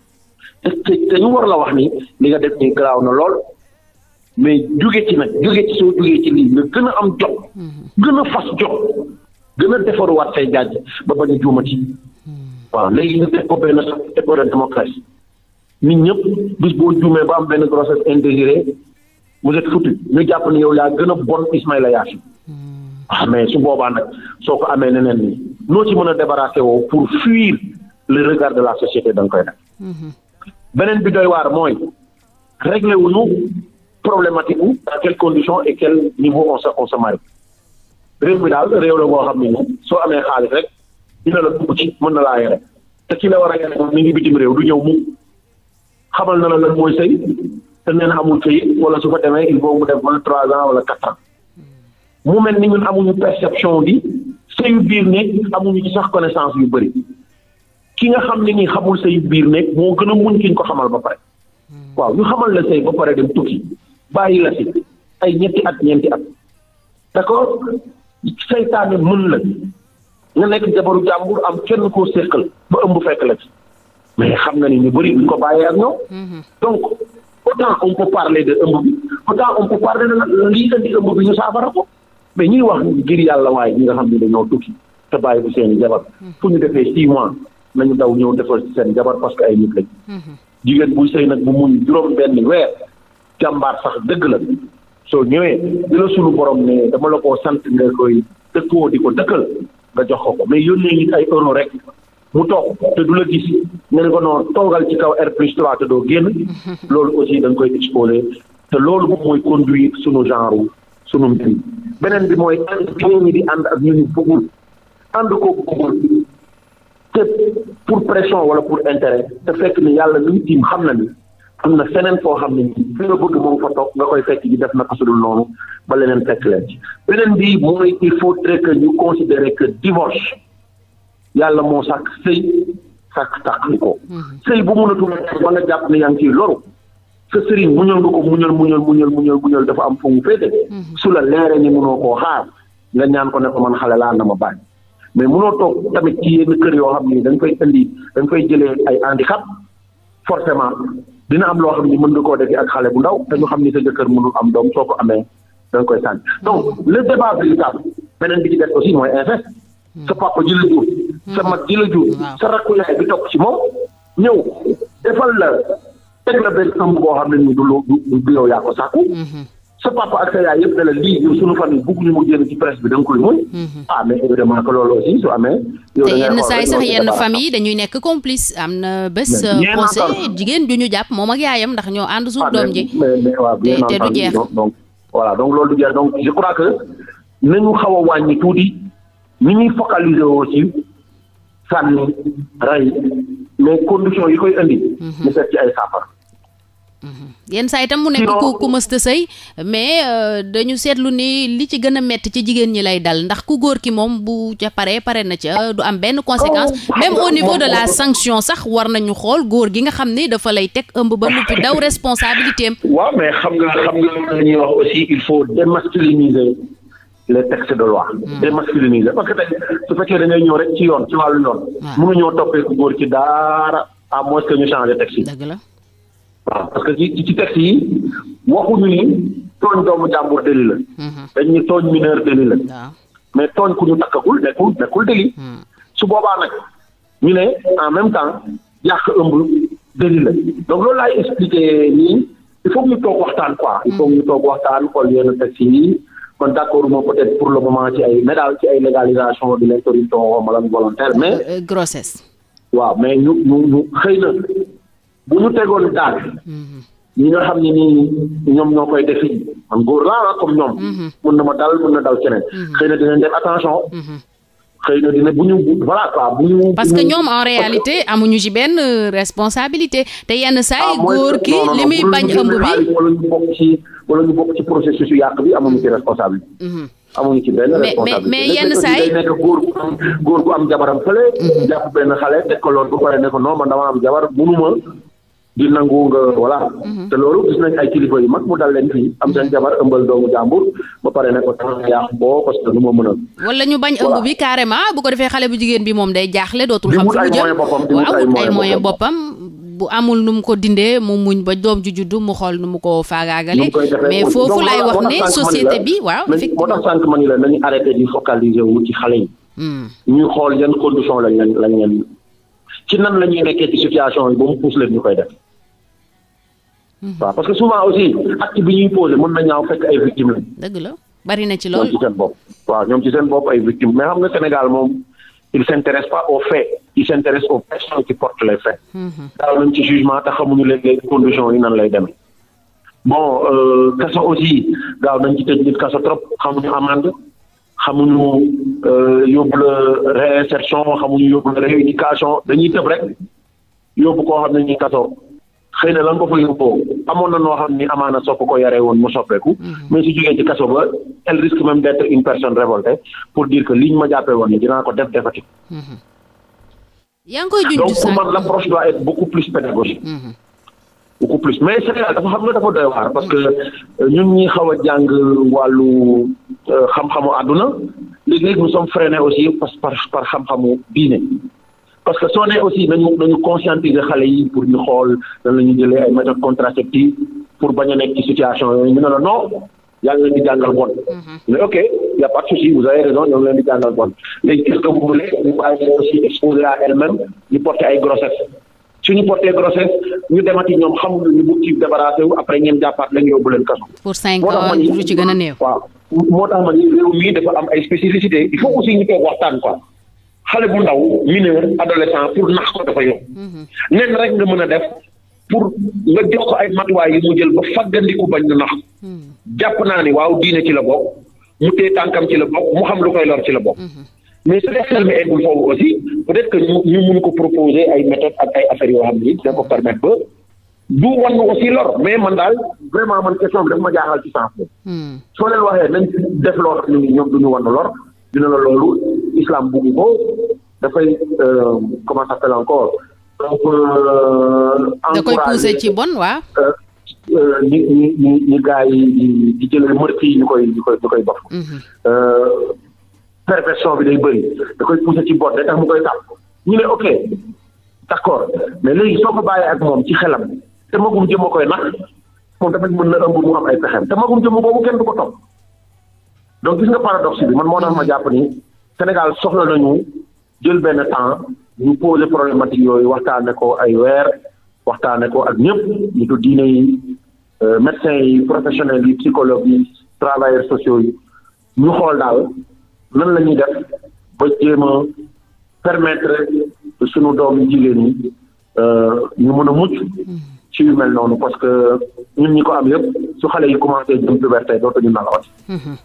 te te war la wax ni li nga def nii garaaw na lool mais jóge ci nag jóge ci soo jógee ci lii nga gën a am jot mhm. gën a fas jot gën a defaruwaat say jaaj ba bañ a mhm. waaw léegi nga teg ko benn sax teg ko ren démocratie nit ñëpp bis boo juumee ba am benn grossesse indésirée vous êtes foutu ñu jàpp ne yow yaa gën a bon la Yacine ah mais su boobaa nag soo ko amee neneen nii noo ci mën a débarrassé woo pour fuir le regard de la société da koy def mhm. beneen bi doy waar mooy réglé wuñu problématique wu dans quelles conditions et quel niveau on se on réew mi daal réew la boo xam ne soo amee xaalis rek dina la dugg ci mën na laa yore te ki la war a yore moom mi ngi bitim réew du ñëw mu xamal na la lan mooy sëy te nee na amul këyit wala su fa demee il faut mu def wala trois ans wala quatre ans mu mel ni ñun amuñu perception bi sëyu biir ne amuñu ci sax connaissance yu bëri ki nga xam ne ni xamul say biir nekk moo gën a muñ ki ñu ko xamal ba pare waaw ñu xamal la say ba pare dem tukki bàyyi la si ay ñetti at ñeenti at d'accord seytaane mën la nga nekk jabaru jàmbur am kenn koo séqal ba ëmb fekk la ci mais xam na ni ñu bari duñ ko bàyyee ak ñoom mhm. donc autant on peut parler de ëmb bi autant on peut parler de lii indi ëmb bi ñu saafara ko mais ñuy wax ngir yàlla waaye ñi nga xam ne dañoo tukki te bàyyi bu seen jabar mhm. nañu daw ñëw defal seen jabar parce que ay nit lañ. jigéen buy sëy nag bu muñ juróom benn weer jàmbaar sax dëgg la soo ñëwee dina sunu borom ne dama la ko sant nga koy dëkkoo di ko dëkkal nga jox ko ko mais yónnee nit ay euro rek mu toog te du la gis nga ne ko noonu toogal ci kaw R plus 3 te doo génn loolu aussi da nga koy exposé te loolu moom mooy conduire sunu genre sunu mbir beneen bi mooy ànd bi ñi di ànd ak ñu ñu bëggul ànd ko bëggul te pour pression wala pour intérêt te fekk ni yàlla mi ngi tiim xam na ni am na feneen foo xam ne fi nga bëgg moom fa toog nga koy fekk ji def naka su noonu ba leneen fekk leen ci beneen bi mooy il faudrait que ñu considérer que divorce yàlla moo sàkk sëy sàkk tàqli ko mhm. sëy bu mënatul ba nga jàpp ne yaa ngi ciy loru sa sëriñ muñal nga ko muñal muñal muñal muñal muñal dafa am fu mu féete mhm. su la leere ni mënoo koo xaar nga ñaan ko ne ko man xale laa ma bàyyi mais mënoo toog tamit ci yenn kër yoo xam ni dañ fay indi dañ koy jëlee ay handicap forcément dina am loo xam ni mën nga koo defee ak xale bu ndaw te ñu xam ni sa jëkkër mënul am doom soo ko amee da koy sànni donc le débat véritable beneen bi ci des aussi mooy inceste sa papa ji la jur sa mag ji la jur sa rakku yaay bi topp ci moom ñëw defal la teg la benn ëmb boo xam ne ni du lu du yow yaa ko sàkku mhm. sa papa ak sa yaay yëpp ne la lii yow sunu famille bëgguñu mu génn ci presse bi da nga koy muñ. Mhm. ah yenn saa yi sax yenn famille dañuy nekk complice am na bés. Euh, procès jigéen ju ñu jàpp moom ak yaayam ndax ñoo ànd suuf ah, doom ji. te te du jeex donc voilà donc loolu du jeex donc je crois que nañu xaw a wàññi tuuti ni ñuy focaliser woo ci sànni rey mais conditions yi koy indi. Mhm. mu seet ci ay saafara. Mm-hmm. yenn saa itam mu nekk ku ku mësta sëy mais euh, dañu seetlu ni li ci gën a métti ci jigéen ñi lay dal ndax ku góor ki moom bu ca pare pare na ca du am benn conséquence oh. même au niveau de la sanction sax war nañu xool góor gi nga xam ni dafa lay teg ëmb ba noppi daw responsabilité am waaw mais xam nga xam nga loolu la ñuy wax aussi il faut démasculiniser les textes de loi mm. démasculiniser parce que tey su fekkee da ñëw rek ci yoon ci wàllu yoon mënuñoo toppee ku góor ci daara waaw parce que ci ci texte yi waxuñu ni tooñ doomu jàmbur déli la. Mhm. dañ ñu tooñ mineur déli la. mais tooñ ku ñu takkagul nekkul nekkul déli. Mhm. su boobaa nag ñu ne en même temps yàq ëmb déli la donc loolu laay expliqué nii il faut ñu toog waxtaan quoi. il faut ñu toog waxtaan xool yenn texte yi. kon d'accord moom peut-être pour le moment ci ay mais daal ci ay légalisation de l'interruption volontaire mais. Euh, grossesse. waaw mais ñu xëy na. bu ñu tegoon daal mm-hmm. ñi nga xam ne nii ñoom ñoo koy def yi man góor laa ah, comme ñoom mm-hmm. mun na ma dal mun na dal keneen mm-hmm. xëy na dinañ def attention xëy na dina bu ñu voilà quoi bu ñu parce euh, te yenn saa yi ah, góor ki li muy bañ ëmb bi wala ñu bokk ci wala ñu bokk ci processus yu yàq bi amuñu ci responsabilité amuñu ci benn responsabilité mais yenn saa yi nekk góor góor gu am jabaram fële jàpp benn xale teg ko loolu bu pare ne ko man dama am jabar munuma di nangu nga voilà. Mhm. te loolu gis nañ ay kilifa yu mag mu dal leen fii am seen jabar ëmbal doomu jàmbur ba pare ne ko tax yàq boo parce nu ma mënal. wala ñu bañ ëmb bi carrément bu ko defee xale bu jigéen bi moom day jaaxle dootul. xam si mu jëm di wut ay bu amul nu mu ko dindee mu muñ ba doom ju juddu mu xool nu mu ko faagaagale. mais foofu laay wax ne société bi waaw. effectivement moo tax sànq ma ni la nañu arrêté di focaliser wu ci xale yi. Hmm. ñuy xool yan condition lañ leen lañ leen ci nan la ñuy nekkee ci situation yi ñu koy def. Mm-hmm. waaw parce que souvent aussi acte bi ñuy posé mën na ñaaw fekk ay victimes lañ. dëgg la bari na ci loolu ñoom ci seen bopp. waaw ñoom ci seen bopp ay victimes mais xam nga Sénégal moom il s'intéresse pas aux faits il s'intéresse aux personnes qui portent les faits. Mm-hmm. daaw nañ ci jugement te xamuñu léegi conditions yi nan lay demee. bon euh, kaso aussi daaw nañ ci tëj nit kaso trop xamuñu amende xamuñu euh, yóbbu la réinsertion xamuñu yóbbu la rééducation dañuy tëb rek yóbbu koo xam xëy na la nga ko fa yóbboo amoon na noo xam ni amaana soo ko ko yaree woon mu soppeeku. Mhm. mais su jógee ci kaso ba elle risque même d'être une personne révoltée pour dire que liñ ma jàppee woon ni dinaa ko def defati. Mhm. yaa ngi koy junj donc man l'approche doit être beaucoup plus pédagogique. Mhm. beaucoup plus mais Sénégal dafa xam nga dafa doy waar parce que euh, ñun ñi xaw a jàng wàllu euh, xam-xamu àdduna léegi-léegi nous sommes freinés aussi par xam-xamu diine. parce que soo nee aussi nañu nañu conscientiser xale yi pour ñu xool nan la ñu ay méthodes contraceptives pour bañ a nekk ci situation yooyu ñu ne la non yaa ngi leen di jàngal bon mhm. mais ok y' a pas de souci leen di jàngal bon léegi qu'est-ce que ñu bàyyi aussi exposer ñu porter ay demati ñoom xam ñu bëgg ci après ngeen jàppaat leen yóbbu leen lu ci gën a néew. waaw moo tax ma ni réew mii dafa am ay spécificité il faut aussi ñu koy waxtaan quoi. xale bu ndaw mineur adolescent pour nax ko dafa yomb mhm. nen rek nga mën a def pour nga jox ko ay matuwaay yi mu jël ba faggandiku bañ na nax hmm. jàpp naa ni waaw diine ci la bokk mu tee tànkam ci la bokk mu xam lu koy lor ci la bokk mhm. mais su dee xel mi eggul foofu aussi peut-être que ñu ñu mun ko proposer ay méthodes ak ay affaires xam ni da ko permettre ba du wan aussi lor mais man daal vraiment man question bi ma jaaxal ci sens boobu hmm. soo leen waxee nañ def loo xam ni ñu ne la loolu islam bugg ko dafay euh, comment ça s'appelle encore euh, da koy poussé ci bon waaw ñi euh, yi di jëlee mërti yi ñu koy ñu koy ñu koy bof mhm. perversion bi day bëri da koy poussé ci bon day tax mu koy tàpp ñu ne ok d'accord mais léegi soo ko bàyyee ak moom ci xelam te magum jëm a koy nax moom tamit mën na ëmb mu am ay pexem te magum jëm boobu kenn du ko topp donc gis nga paradoxe bi man moo tax ma jàpp ni Sénégal soxla nañu jël benn temps ñu poser problématique yooyu waxtaane ko ay weer waxtaane ko ak ñëpp ñu tudd diine yi euh, médecins yi professionnels yi psychologues yi travailleurs sociaux yi ñu xool daal nan la ñuy def ba jéem a permettre suñu doom jigéen ñi euh, ñu mën a mucc ci yu mel noonu parce que ñun ñi ko am yëpp su xale yi commencé jëm puberté dootuñu nalawati mm-hmm.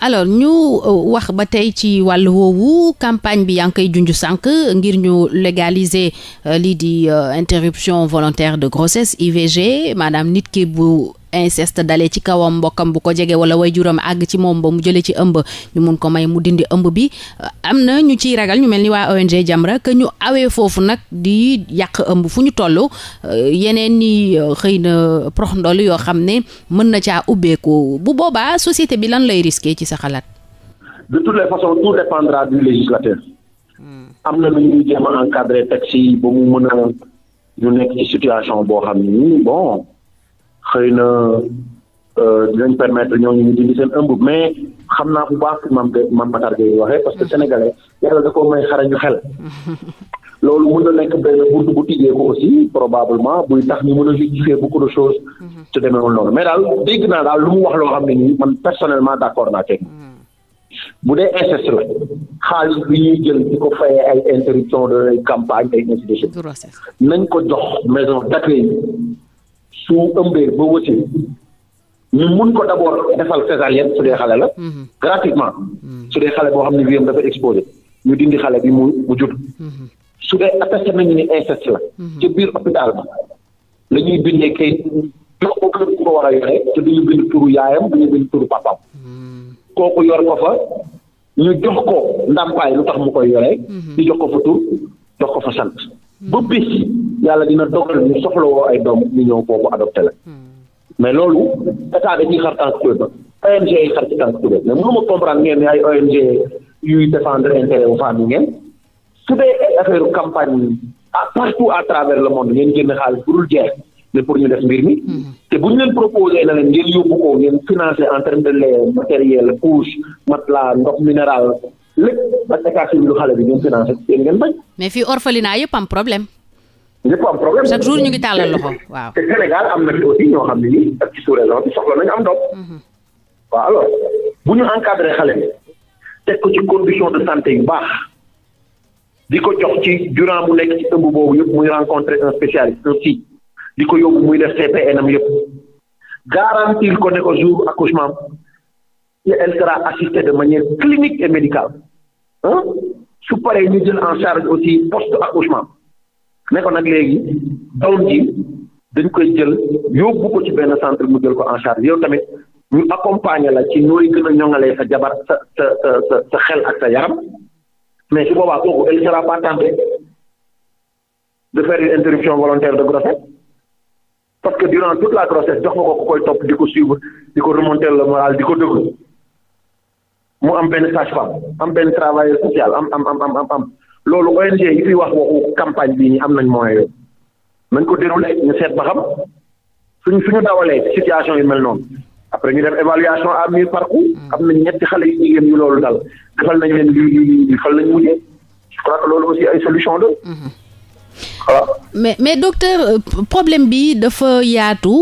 alors ñu euh, wax ba tey ci wàll woowu campagne bi yaa ngi koy junj sànq ngir ñu légaliser euh, lii di euh, interruption volontaire de grossesse IVG maanaam nit ki bu inceste dalee ci kawam mbokkam bu ko jege wala juróom àgg ci moom ba mu jëlee ci ëmb ñu mun ko may mu dindi ëmb bi am na ñu ciy ragal ñu mel ni waa ONG Jamra que ñu awee foofu nag di yàq ëmb fu ñu toll yeneen ni euh, xëy na prox ndoll yoo xam ne mën na caa ubbeeku bu boobaa société bi lan lay risqué ci sa xalaat. de toutes les façons tout dépendra du législateur. Hmm. am na lu ñuy jéem a encadré taxi ba mu mën a ñu nekk ci situation boo xëy na euh, dinañ permettre ñooñu ñu dindi seen ëmb mais xam naa bu baax mam mam Matar Gueye waxee parce que mm-hmm. sénégalais yàlla da koo may xarañu xel loolu mën na nekk benn buntu bu tijjee ko aussi probablement buy tax ñu mën a justifier beaucoup de choses mm-hmm. te demeewul noonu mais daal dégg naa daal lu mu wax loo xam ne nii man personnellement d' naa teg mm-hmm. bu dee inceste xaalis bi ñuy jël di ko fayee ay interruption de campagne ay ainsi nañ ko jox maison d'accueil su ëmbee ba wëtee ñu mun ko d' abord defal césarienne su dee xale la. Mhm. gratuitement mhm. su dee xale boo xam ne wiyam dafa exposé ñu dindi xale bi mu mu jut mhm. su dee attesté nañu ni inceste la. ca biir hôpital ba la ñuy bindee kayit jox ko kër ku ko war a yore te duñu bind turu yaayam duñu bind turu papaam kooku yor ko fa ñu jox ko ndàmpaay lu tax mu koy yore. ñu jox ko fa tur jox ko fa sant. ba bis yàlla dina dogal ñu soxla ay doom ñu ñëw foofu adopté la hmm. mais loolu état dañuy xar tànk kuréel ba ONG yi xar ci tànk kuréel mais mënuma comprendre ngeen ne ay ONG yuy défendre intérêt wu femme ngeen su dee ay affaire campagne ah, partout à travers le monde ngeen génn xaalis pour jeex mais pour ñu def mbir mi hmm. te bu ñu leen proposé na leen ngeen yóbbu ko ngeen financé en terme de les matériels couche matelas ndox minéral lépp ak état civil xale bi ñoom financé yéen ngeen bañ. mais fii orphelinat yëpp am problème. ñëpp am problème chaque jour ñu ngi tàllal loxo waaw. te Sénégal am na aussi ñoo xam ne nii ak ci sous-région bi soxla nañu am doom. Mhm. ñu encadré xale bi ko ci condition de santé yu baax di ko jox ci durant mu nekk ci ëmb boobu yëpp muy rencontrer un spécialiste di ko yóbbu muy def CPN am yëpp garantir ko ne ko jour accouchement elle sera assistée de manière clinique et médicale. ah su paree ñu jël en charge aussi post accouchement ne ko nag léegi doom ji dañ koy jël yóbbu ko ci benn centre mu jël ko en charge yow tamit ñu accompagner la ci nooy gën a ñoŋalee sa jabar sa sa sa xel ak sa yaram mais su boobaa kooku elle sera pas tentée de faire une interruption volontaire de grossesse parce que durant toute la grossesse jox nga ko ku koy topp di ko suivre di ko remonter le moral di ko déglu. mu am benn sage-femme am benn travailleur social am am am am am loolu ONG yi fi wax waxu campagne bii ñu am nañ moyen yooyu nañ ko déroulé ñu seet ba xam suñ suñu dawalee situation yu mel noonu après ñu dem évaluation a mi-parcours am nañ ñetti xale yu jigéen yu loolu dal defal nañ leen yu yu yu fal nañ mujjee je crois que loolu aussi ay solution la. mais mais docteur euh, problème bi dafa yaatu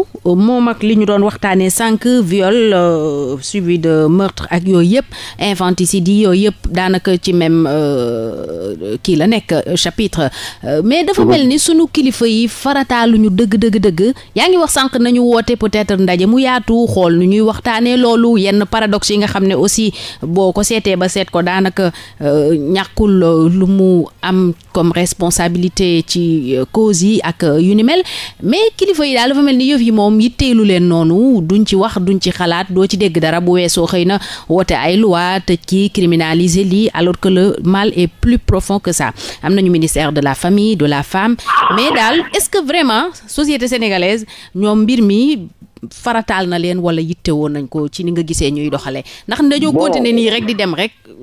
moom ak li ñu doon waxtaanee sànq viole euh, suivi de meurtre ak yooyu yëpp infanticide yi yooyu yëpp daanaka ci même euh, kii la nekk euh, chapitre euh, mais dafa mel ni suñu kilifa yi farataalu ñu dëgg dëgg dëgg yaa ngi wax sànq nañu woote peut-être ndaje mu yaatu xool nu ñuy waxtaanee loolu yenn paradox yi nga xam ne aussi boo ko seetee ba seet ko daanaka ñàkkul lu mu am comme responsabilité ci ci euh, cause yi ak euh, yu ni mel mais kilifa yi daal dafa mel ni yëf yi moom yitteelu leen noonu duñ ci wax duñ ci xalaat doo ci dégg dara bu weesoo xëy na woote ay loi tëj ki criminaliser lii alors que le mal est plus profond que ça am ñu ministère de la famille de la femme mais daal est-ce que vraiment société sénégalaise ñoom mbir mi farataal na leen wala yitte woon nañ ko ci ni nga gisee ñuy doxale ndax ndajoo continuer nii rek di dem rek euh,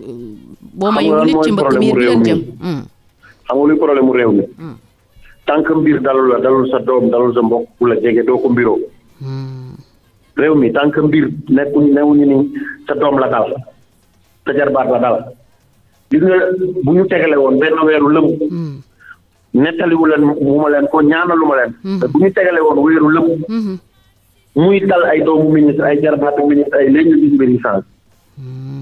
boo mayul tant que mbir dalul la dalul sa doom dalul sa mbokk bu la jege doo ko mbiroo hmm. réew mi tant que mbir nekkuñ newuñu ni sa doom la dal sa jarbaat la dal gis nga bu ñu tegale woon benn weeru lëmu hmm. nettaliwu leen wu ma leen ko ñaanalu ma leen hmm. bu ñu tegale woon weeru lëmu muy dal ay doomu ministre ay jarbaatu ministre ay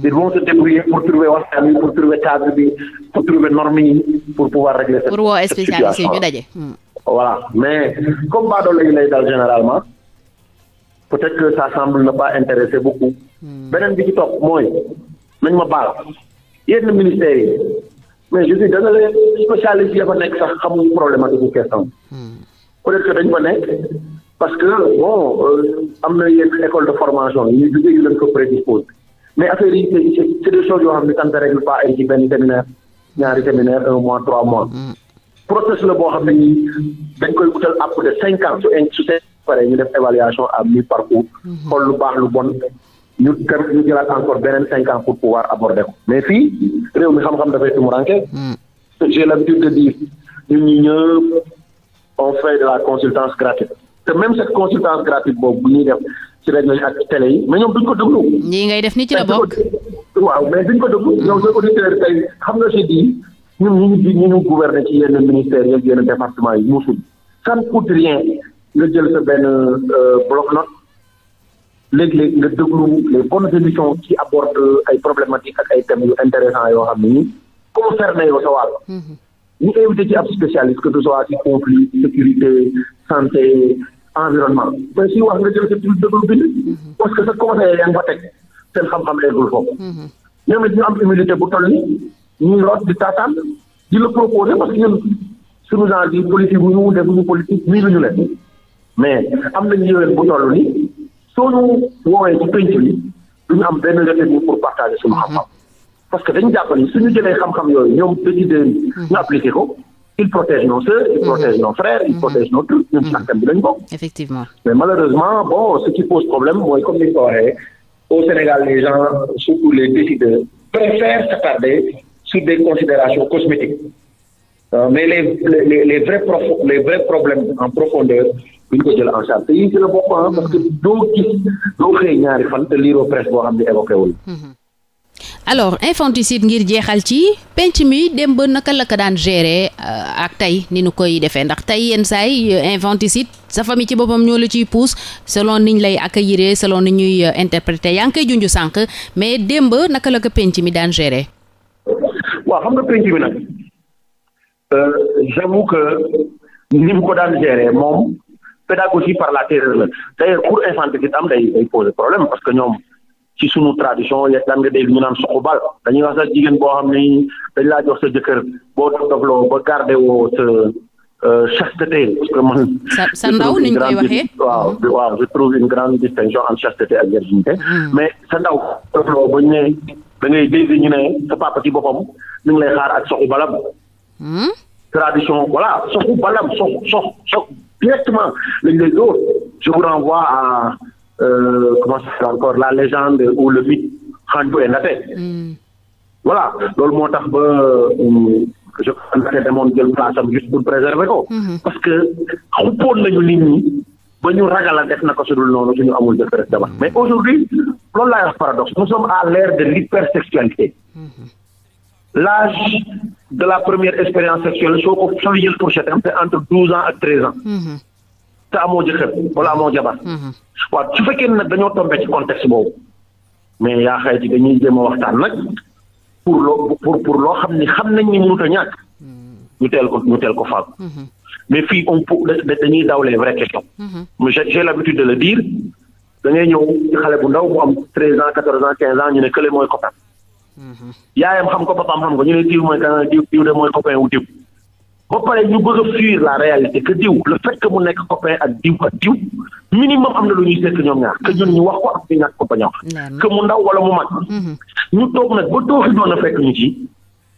ils vont se débrouiller pour trouver waxtaan m pour trouver cadre bi pour trouver norme yi pour pouvoir régler cette pour woo spécialiste yi ñu daje. Hmm. voilà mais comme baadoolo yi lay dal généralement peut-être que ça semble ne pas intéresser beaucoup. Hmm. beneen bi ci topp mooy nañ ma baal yenn ministères yi mais je dis da nga leen spécialiste ya fa nekk sax xamuñu problématique question hmm. peut-être que dañ fa nekk. parce que bon euh, am na yenn école de formation yu ñu jógee yu leen ko prédisposé mais affaire yi c'est des choses yoo xam ne tant que règle pas ay ci benn ñaari séminaire un mois trois mois. Mm. process la boo xam ne nii dañ koy wutal àpp de cinq ans su in su cinq pare ñu def évaluation à mi parcours. Mm-hmm. xool lu baax lu bon. ñu dem ñu jëlaat encore beneen cinq ans pour pouvoir aborder ko mais fi réew mi xam-xam dafay tumuranke mm. j'ai l'habitude de dire ñun ñi ñëpp on de la consultance gratuite te même cette consultance gratuite boobu bu ñuy def ci rajo ak télé yi mais ñoom duñ ko déglu. ñii ngay def ni ci la bokk. waaw mais duñ ko déglu. ñoom seen auditeurs tey xam nga si di ñun ñu ngi ñu ngi gouverner ci yenn ministères yeeg yenn départements yi musul ça pour coûte nga jël sa benn euh, bloc-notes léeg-léeg nga déglu les bonnes émissions qui abordent ay problématiques ak ay thèmes yu intéressants yoo xam ni comme fer na yow sa wàll. Mhm. ñu invité ci ab spécialiste environnement mais suy wax nga jël sa tur déglu bind mhm. parce que sa conseiller yaa ngi fa teg seen xam-xam eggul foofu mhm. ñoom it ñu am humilité bu toll ni ñuy root di taataan di la proposer parce que ñun suñu genre bi politique bu ñu def ñu politique mii la ñu leen mais am nañu yowén bu toll ni soo ñu woowee ci penc bi du ñu am benn république pour partager suñu mhm. xam-xam parce que dañu jàpp ni suñu jëlee xam-xam yooyu ñoom décidé ñu appliqué ko ils protègent nos soeurs, ils mhm. protègent nos frères, ils mhm. protègent nos trucs, bi lañ bokk. effectivement mais malheureusement bon ce qui pose problème mooy comme ni nga ko waxee au Sénégal les gens surtout les décideurs préfèrent s'attarder sur des considérations cosmétiques euh, mais les les les vrais les vrais problèmes en profondeur bu ñu ko jël en charge te yii ci la bokk ah parce que mhm. doo gis doo xëy ñaari fan te liiroo presse boo xam ne évoqué wul. alors infanticide ngir jeexal ci penc mi dem naka la ko daan gérer euh, ak tey ni nu koy defee ndax tey yenn saay yi euh, infanticide sa famille ci boppam ñoo la ciy pousse selon niñ lay ak yére selon ni ñuy euh, interpréter yaa ngi koy junj sànq mais démb naka la ko penc mi daan gérer. waaw xam nga penc mi nag j'avoue que ni ko daan gérer moom pédagogie par la terreur la d'ailleurs pour infanticide am day day problème parce que ñoom. ci sunu tradition yeeg daan nga dégg ñu naan suqubal dañuy wax sax jigéen boo xam ni dañ laa jox sa jëkkër boo dofloo ba gardé woo sa euh, chasteté parce que man. sa sa ndaw niñ koy waxee. waaw waaw je trouve une grande distinction entre chasteté ak virginité. Hmm. mais sa ndaw dofloo ba ñu ne da ngay dégg ñu ne sa papa ci boppam ñu ngi lay xaar ak suqubalam. Hmm? tradition voilà suqubalam sox sox sox directement lañ lay dóor je vous renvoie euh, comment la légende ou le mythe Hantu et Ndaté. Mm. loolu moo tax ba euh, je crois Ndaté demoon jël place am ko. Hmm. parce que xuppoon nañu nit ñi ba ñu ragal a def na ko sudul noonu suñu amul jëkkër ak hmm. mais aujourd'hui loolu laay wax paradoxe nous à l'ère de l'hypersexualité hmm. l'âge de la première expérience sexuelle soo ko soo jël fourchette am c'est entre douze ans ak treize ans. te amoo jëkkër wala amoo jabar. Mhm. waaw su fekkee nag dañoo tombé ci contexte boobu mais yaa xay ci dañuy jéem a waxtaan nag pour loo pour pour loo xam ni xam nañ ni mënut a ñàkk mhm. ñu teel ko ñu teel ko faag. Mhm. mais fii on peut dañuy daw les vraies questions. mais j'ai l'habitude de le dire da ngay ñëw ci xale bu ndaw bu am treize ans quatorze ans quinze ans ñu ne kële mooy copain. yaayam xam ko papaam xam ko ñu ne diw mooy kan diw diw de mooy copain wu diw. ba pare ñu bëgg a fuir la réalité que diw le fait que mu nekk copain ak diw ak diw minimum am na lu ñuy sekk ñoom ñaar que ñun ñu wax ko ak ñu ñàkk ko bañ a mu ndaw wala mu mag mhm. ñu toog nag ba tooxi doon a fekk ñu ci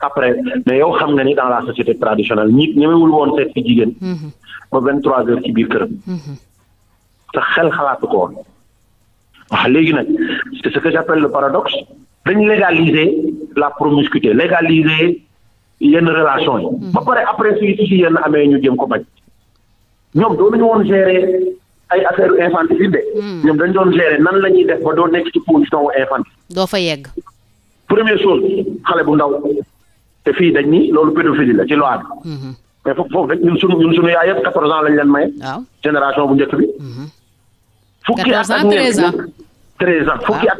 après mais yow xam nga ni dans la société traditionnelle ñi ñemewul woon seet fi jigéen mhm. ba vingt trois heures ci biir këram te mhm. xel xalaatu ko woon wax léegi nag c'est ce que j'appelle le paradoxe dañ légaliser la promiscuité légaliser yenn relation yi. Mm-hmm. ba pare après suy si yenn amee ñu jëm ko bañ. ñoom doo nañu woon gérer ay affaire infanticide de. Mm-hmm. ñoom dañ doon gérer nan la ñuy def ba doo nekk ci position wu infantile. doo fa yegg. première chose xale bu ndaw te fii dañ ni loolu pédophilie la ci loi bi. Mm-hmm. mais foofu foofu ñun suñu ñun suñu yaay yëpp quatorze ans lañ leen maye. génération bu njëkk bi. fukki at ak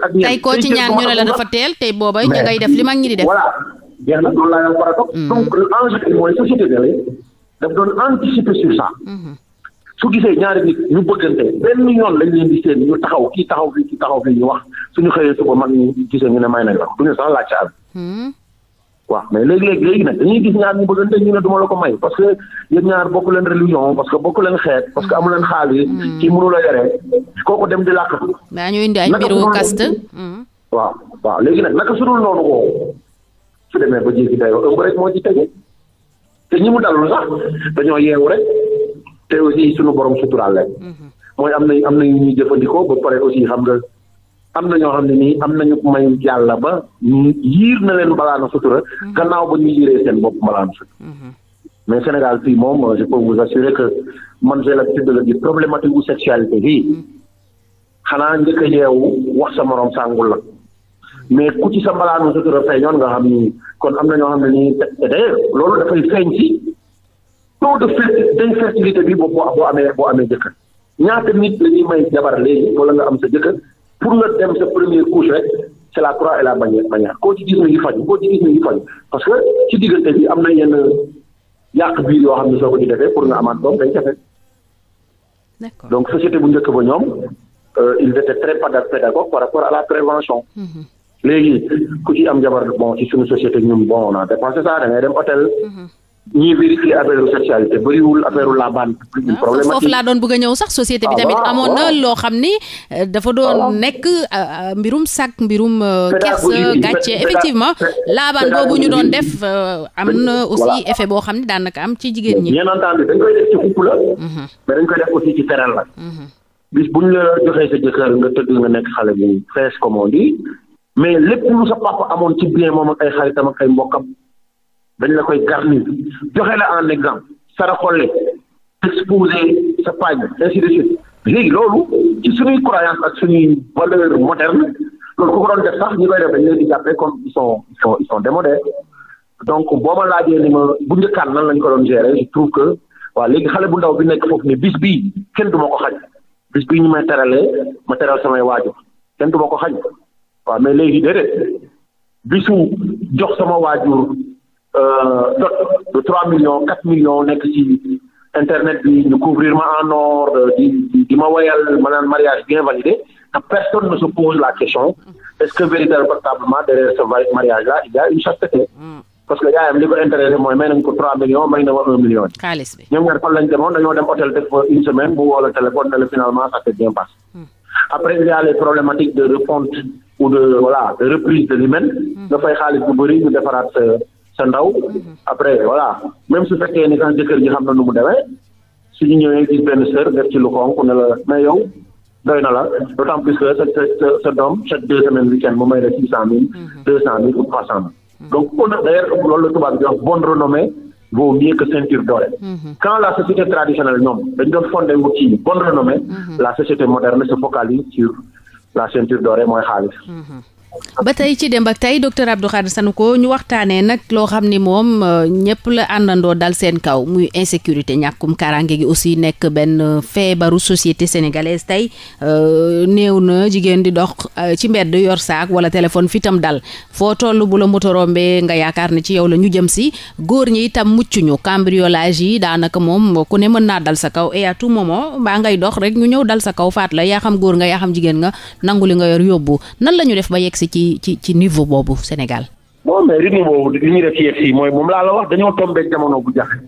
ak ñeent. koo ci ñaan ñu la dafa teel tey booba ñu ngay def li mag ñi di def. jeex na loolu laa yor par rapport. Mm-hmm. donc l'enjeu bi mooy société bi daf doon anticiper sur ça. Mm-hmm. su gisee ñaari nit ñu bëggante benn yoon lañ leen di seen ñu taxaw kii taxaw fii kii taxaw fii ñu wax suñu xëyee suba mag ñi gisee ñu ne may nañ la du ñu sax laaj caabi. Mm-hmm. waaw mais léegi-léegi nag dañuy gis ñaar ñu bëggante ñu ne du ma la ko may parce que yéen ñaar bokk leen religion parce que bokk leen xeet parce que amu leen xaalis. kii mënu la yore kooku dem di làkk. daa ñuy indi ay mbiru su demee ba jéggi dayoo ëmb rek moo ci tege te ñi mu dalul sax dañoo yeewu rek te aussi suñu borom suturaal leen mm-hmm. mooy am nañ am nañu jëfandikoo ba pare aussi xam nga am na ñoo xam ne nii am nañu may yàlla ba yiir na leen mbalaana sutura mm-hmm. gannaaw ba ñu yiiree seen bopp mbalaana sutura mm-hmm. mais Sénégal fii moom je peux vous assurer que man j'ai l'habitude de problématique sexualité fii xanaa njëkk a yeewu wax sa morom sàngul la mais ku ci sa mbalaanu sutura feeñoon nga xam ni kon am na ñoo xam ne nii te d'ailleurs loolu dafay feeñ ci taux de d'infertilité bi boo boo amee boo amee jëkkër ñaata nit la ñuy may jabar léegi wala nga am sa jëkkër pour nga dem sa première couche rek c'est la croix et la bannière bannière koo ci gis na yi faj koo ci gis parce que ci diggante bi am na yenn yàq biir yoo xam ne soo ko ci defee pour nga amaat doom day jafe. d'accord donc société bu njëkk ba ñoom euh, ils étaient très pédagogues par rapport la prévention. mm léegi ku ci am jabar bon ci suñu société ñun bon on a dépensé ça da dem hôtel. Mm-hmm. ñuy vérifier affaire sexualité bëriwul affaire la bande. Ah, foofu laa doon bëgg a ñëw sax société bi tamit ah, amoon na loo xam ni euh, dafa doon nekk euh, euh, mbirum sac mbirum kersa gàcce effectivement la bande boobu ñu doon def am na aussi effet boo xam ne daanaka am ci jigéen ñi. dañ koy def ci xupp la. Mm-hmm. mais dañ koy def aussi ci teral la. Mm-hmm. bis bu ñu la joxee sa jëkkër nga tëdd nga nekk xale mais lépp lu sa papa amoon ci bien moom ak ay xaritam ak ay mbokkam dañ la koy garnir joxe la en exemple saraxole exposer sa paañ ainsi de suite léegi loolu ci suñuy croyance ak suñuy valeur moderne loolu ku ko doon def sax ñu koy def dañ leen di jàppee comme ils sont ils donc boo ma laajee ni ma bu njëkkaan nan lañ ko doon gérer je trouve que waa léegi xale bu ndaw bi nekk foofu ne bis bii kenn du ma ko xañ bis bii ñu may teralee ma samay waajur kenn du ma ko xañ waaw mais léegi déedéet bisu jox sama waajur dot euh, de trois millions quatre millions nekk ci internet bi ñu couvrir ma en or di di ma woyal ma naan mariage bien validé te personne ne se pose la question est-ce que véritablement derrière ce mariage là il y a une chasteté mm. parce que yaayam li ko intéressé mooy may nañ ko trois millions may na ko un million yi. xaalis bi ñoom ñaar fan lañ demoon dañoo dem hôtel def une semaine bu woo la téléphone ne ou de voilà de reprise de l'hymen mm-hmm. nga fay xaalis bu bëri ñu defaraat sa sa ndaw mm-hmm. après voilà même su fekkee ni sax jëkkër ji xam na nu mu demee suñu ñëwee gis benn sër def lu xonk ne la mais yow doy na la d'autant plus que sa sa sa doom chaque deux semaines week-end mu may la six cent mille mm-hmm. deux cent mille ou trois cent mille donc on a d'ailleurs loolu la tubaab di wax bonne renommée vaut mieux que ceinture dorée quand la société traditionnelle ñoom dañ doon fondé wu ci bonne renommée la société moderne se focalise sur la ceinture dorée mooy xaalis. Mm-hmm. ba tey ci Demb ak Tay docteur Abdou Khadre Sanoko ñu waxtaanee nag loo xam ni moom euh, ñëpp la àndandoo dal seen kaw muy insécurité ñàkkum karange gi aussi nekk benn feebaru société sénégalaise tey euh, néew na jigéen di dox euh, ci mbedd yor saak wala téléphone fi tam dal foo toll bu la moto rombee nga yaakaar ne ci yow la ñu jëm si góor ñi itam mucc ñu cambriolage yi daanaka moom ku ne mën naa dal sa kaw et à tout moment baa ngay dox rek ñu ñëw dal sa kaw faat la yaa xam góor nga ya xam jigéen nga nangu ci ci ci niveau boobu Sénégal. bon mais rythme boobu li ñuy def ci mooy moom laa la wax dañoo tombé jamono bu jafe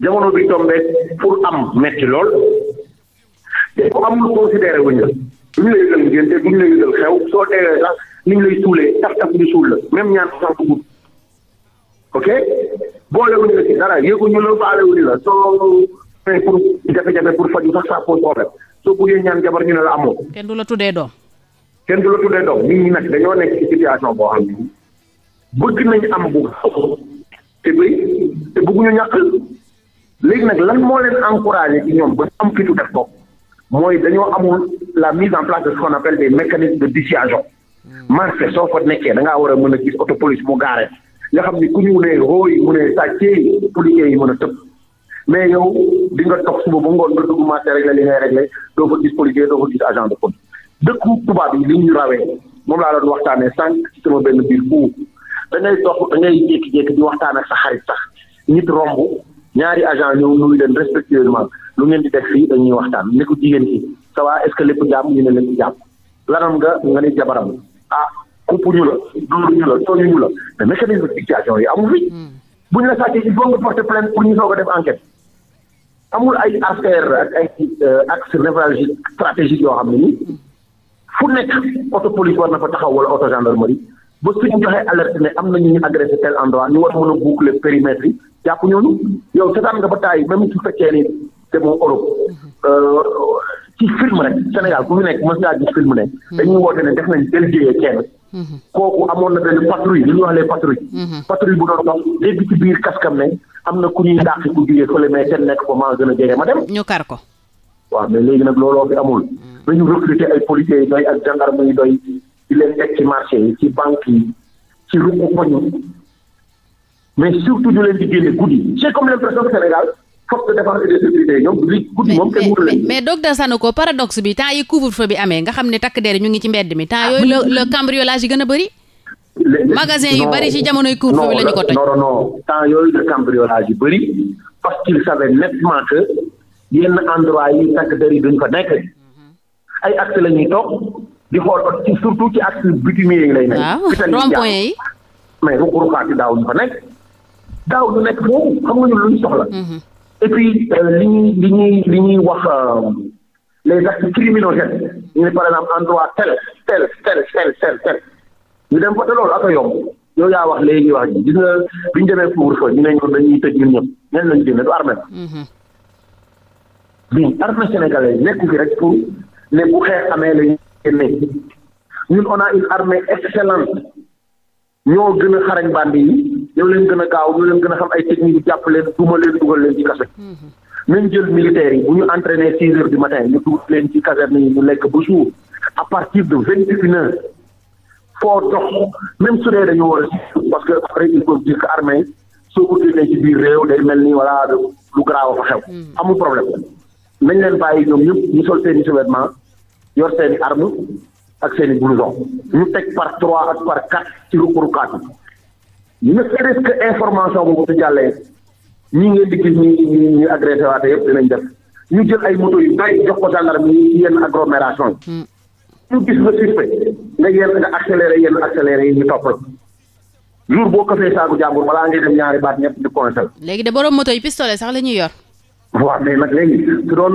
jamono bi tombé pour am metti lool te ku am lu considéré wuñ la duñ lay yëgal ngénte la même ñaan sax dugub ok boolewuñu soo pour jafe-jafe pour faju sax ça problème soo bëggee ñaan jabar ñu ne la amoo. kenn du la tuddee doom. kenn du la tuddee doom nit ñi nag dañoo nekk ci situation boo xam ne bëgg nañ am bu xaw te bëy te bëgguñu ñàkk léegi nag lan moo leen encouragé ci ñoom ba am fitu def ko mooy dañoo amul la mise en place de ce qu'on appelle des mécanismes de dissuasion hmm. marché soo fa nekkee da ngaa war a mën a gis auto police mu gaare nga xam ni ku ñu ne rooy mu ne sàccee yi policiers yi mën a tëb mais yow di nga toog suba ba ngoon nga dugg marché li ngay réglé doo fa gis policier doo fa gis agent de police dëkku tubaab yi li ñu rawee moom laa doon waxtaanee sànq ci sama benn biir bu da ngay dox da ngay jékki-jékki di waxtaan ak sa xarit sax nit romb ñaari agent ñëw nuyu leen respectueusement lu ngeen di def fii dañuy waxtaan ne ko jigéen ci ça va est-ce que lépp jàmm ñu ne lépp jàmm lanam nga nga ni jabaram ah kupp ñu la dóor ñu la tooñu ñu la mais mécanisme de yi amul fi hmm. bu ñu la sàccee il faut nga porter plainte pour ñu soog a def enquête amul ay artère ak a euh, axe yoo xam ne nii fu nekk auto police war na fa taxaw wala auto gendarmerie ba suñu joxee alerte ne am na ñu ñu agressé tel endroit ñu war a mën a boucler périmètre yi jàpp ñooñu yow seetaan nga ba taay même su fekkee ni demoo Europe euh, ci film rek Sénégal bu fi nekk mës ngaa gis film ne dañuy woote ne def nañ del jëyee kenn kooku amoon na benn patrouille li ñuy wax les patrouilles patrouille bu doon dox léegi ci biir kaskam ne am na ku ñuy dàq ku jugee fële mais kenn ko maa a jege ma dem ko waaw mais léegi nag looloo fi amul hmm. nañu recruter ay policiers yi doy ak gendarme yi doy di leen teg ci marché yi ci banque yi ci ruq koñ mais surtout ñu leen di génne guddi j'ai comme l'impression que Sénégal force de défense et de sécurité ñoom li guddi moom kenn mënu leen mais docteur Sanoko paradoxe bi temps yi couvre-feu bi amee nga xam ne takk der ñu ngi ci mbedd mi temps yooyu la le cambriolage yi gën a bëri magasin yu bëri ci jamonoy couvre-feu bi la ñu yu bëri yenn endroit yi takk der yi duñ fa nekk mhm. ay accès la ñuy toog di xool surtout ci accès bitumier yi lay nekk. waaw rond-point yi mais ruq ruqaat yi daawuñu fa nekk daaw ñu nekk foofu xam nga ñu luñ soxla. Mhm. et euh, li ñuy li ñuy li ñuy wax euh, les actes criminogènes ñu ne ñu dem fa te loolu ak a yomb yow yaa wax léegi wax ji gis nga bi ñu demee couvre-feu ñu ne ñoom dañuy tëj ñun ñëpp ñenn lañu génne du armée bii armée sénégalaise nekku fi rek pour ne bu xeex amee la génne ñun on a une armée excellente ñoo gën a xarañ bandi yi ñoo leen gën a gaaw ñoo leen gën a xam ay technique yi jàpp leen duma leen dugal leen ci kaso nañ jël militaires yi bu ñu entraîné six heures du matin ñu dugal leen ci caserne yi ñu lekk ba jour à partir de vingt et une heures foo dox même su dee dañu war a parce que après soo ko génnee ci biir réew day mel ni wala lu garaaw a fa xew hmm. amul nañ leen bàyyi ñoom ñëpp ñu sol seen i survêtement yor seen i arme ak seen i ñu teg par trois ak par quatre ci ruqruqaat yi ne serait-ce information boobu su jàllee ñi ngeen di gis ñi ñu ñuy agressé waate yëpp dinañ def ñu jël ay moto yu doy jox ko gendarme yi yenn agglomération yi hmm. ñu gis nga suspect nga yenn nga accéléré yenn accéléré yi ñu toppal jour boo ko fee saagu jàmbur balaa ngay dem ñaari baat ñëpp di cointel léegi de borom moto yi pistolet sax la yor waaw mais nag léegi su doon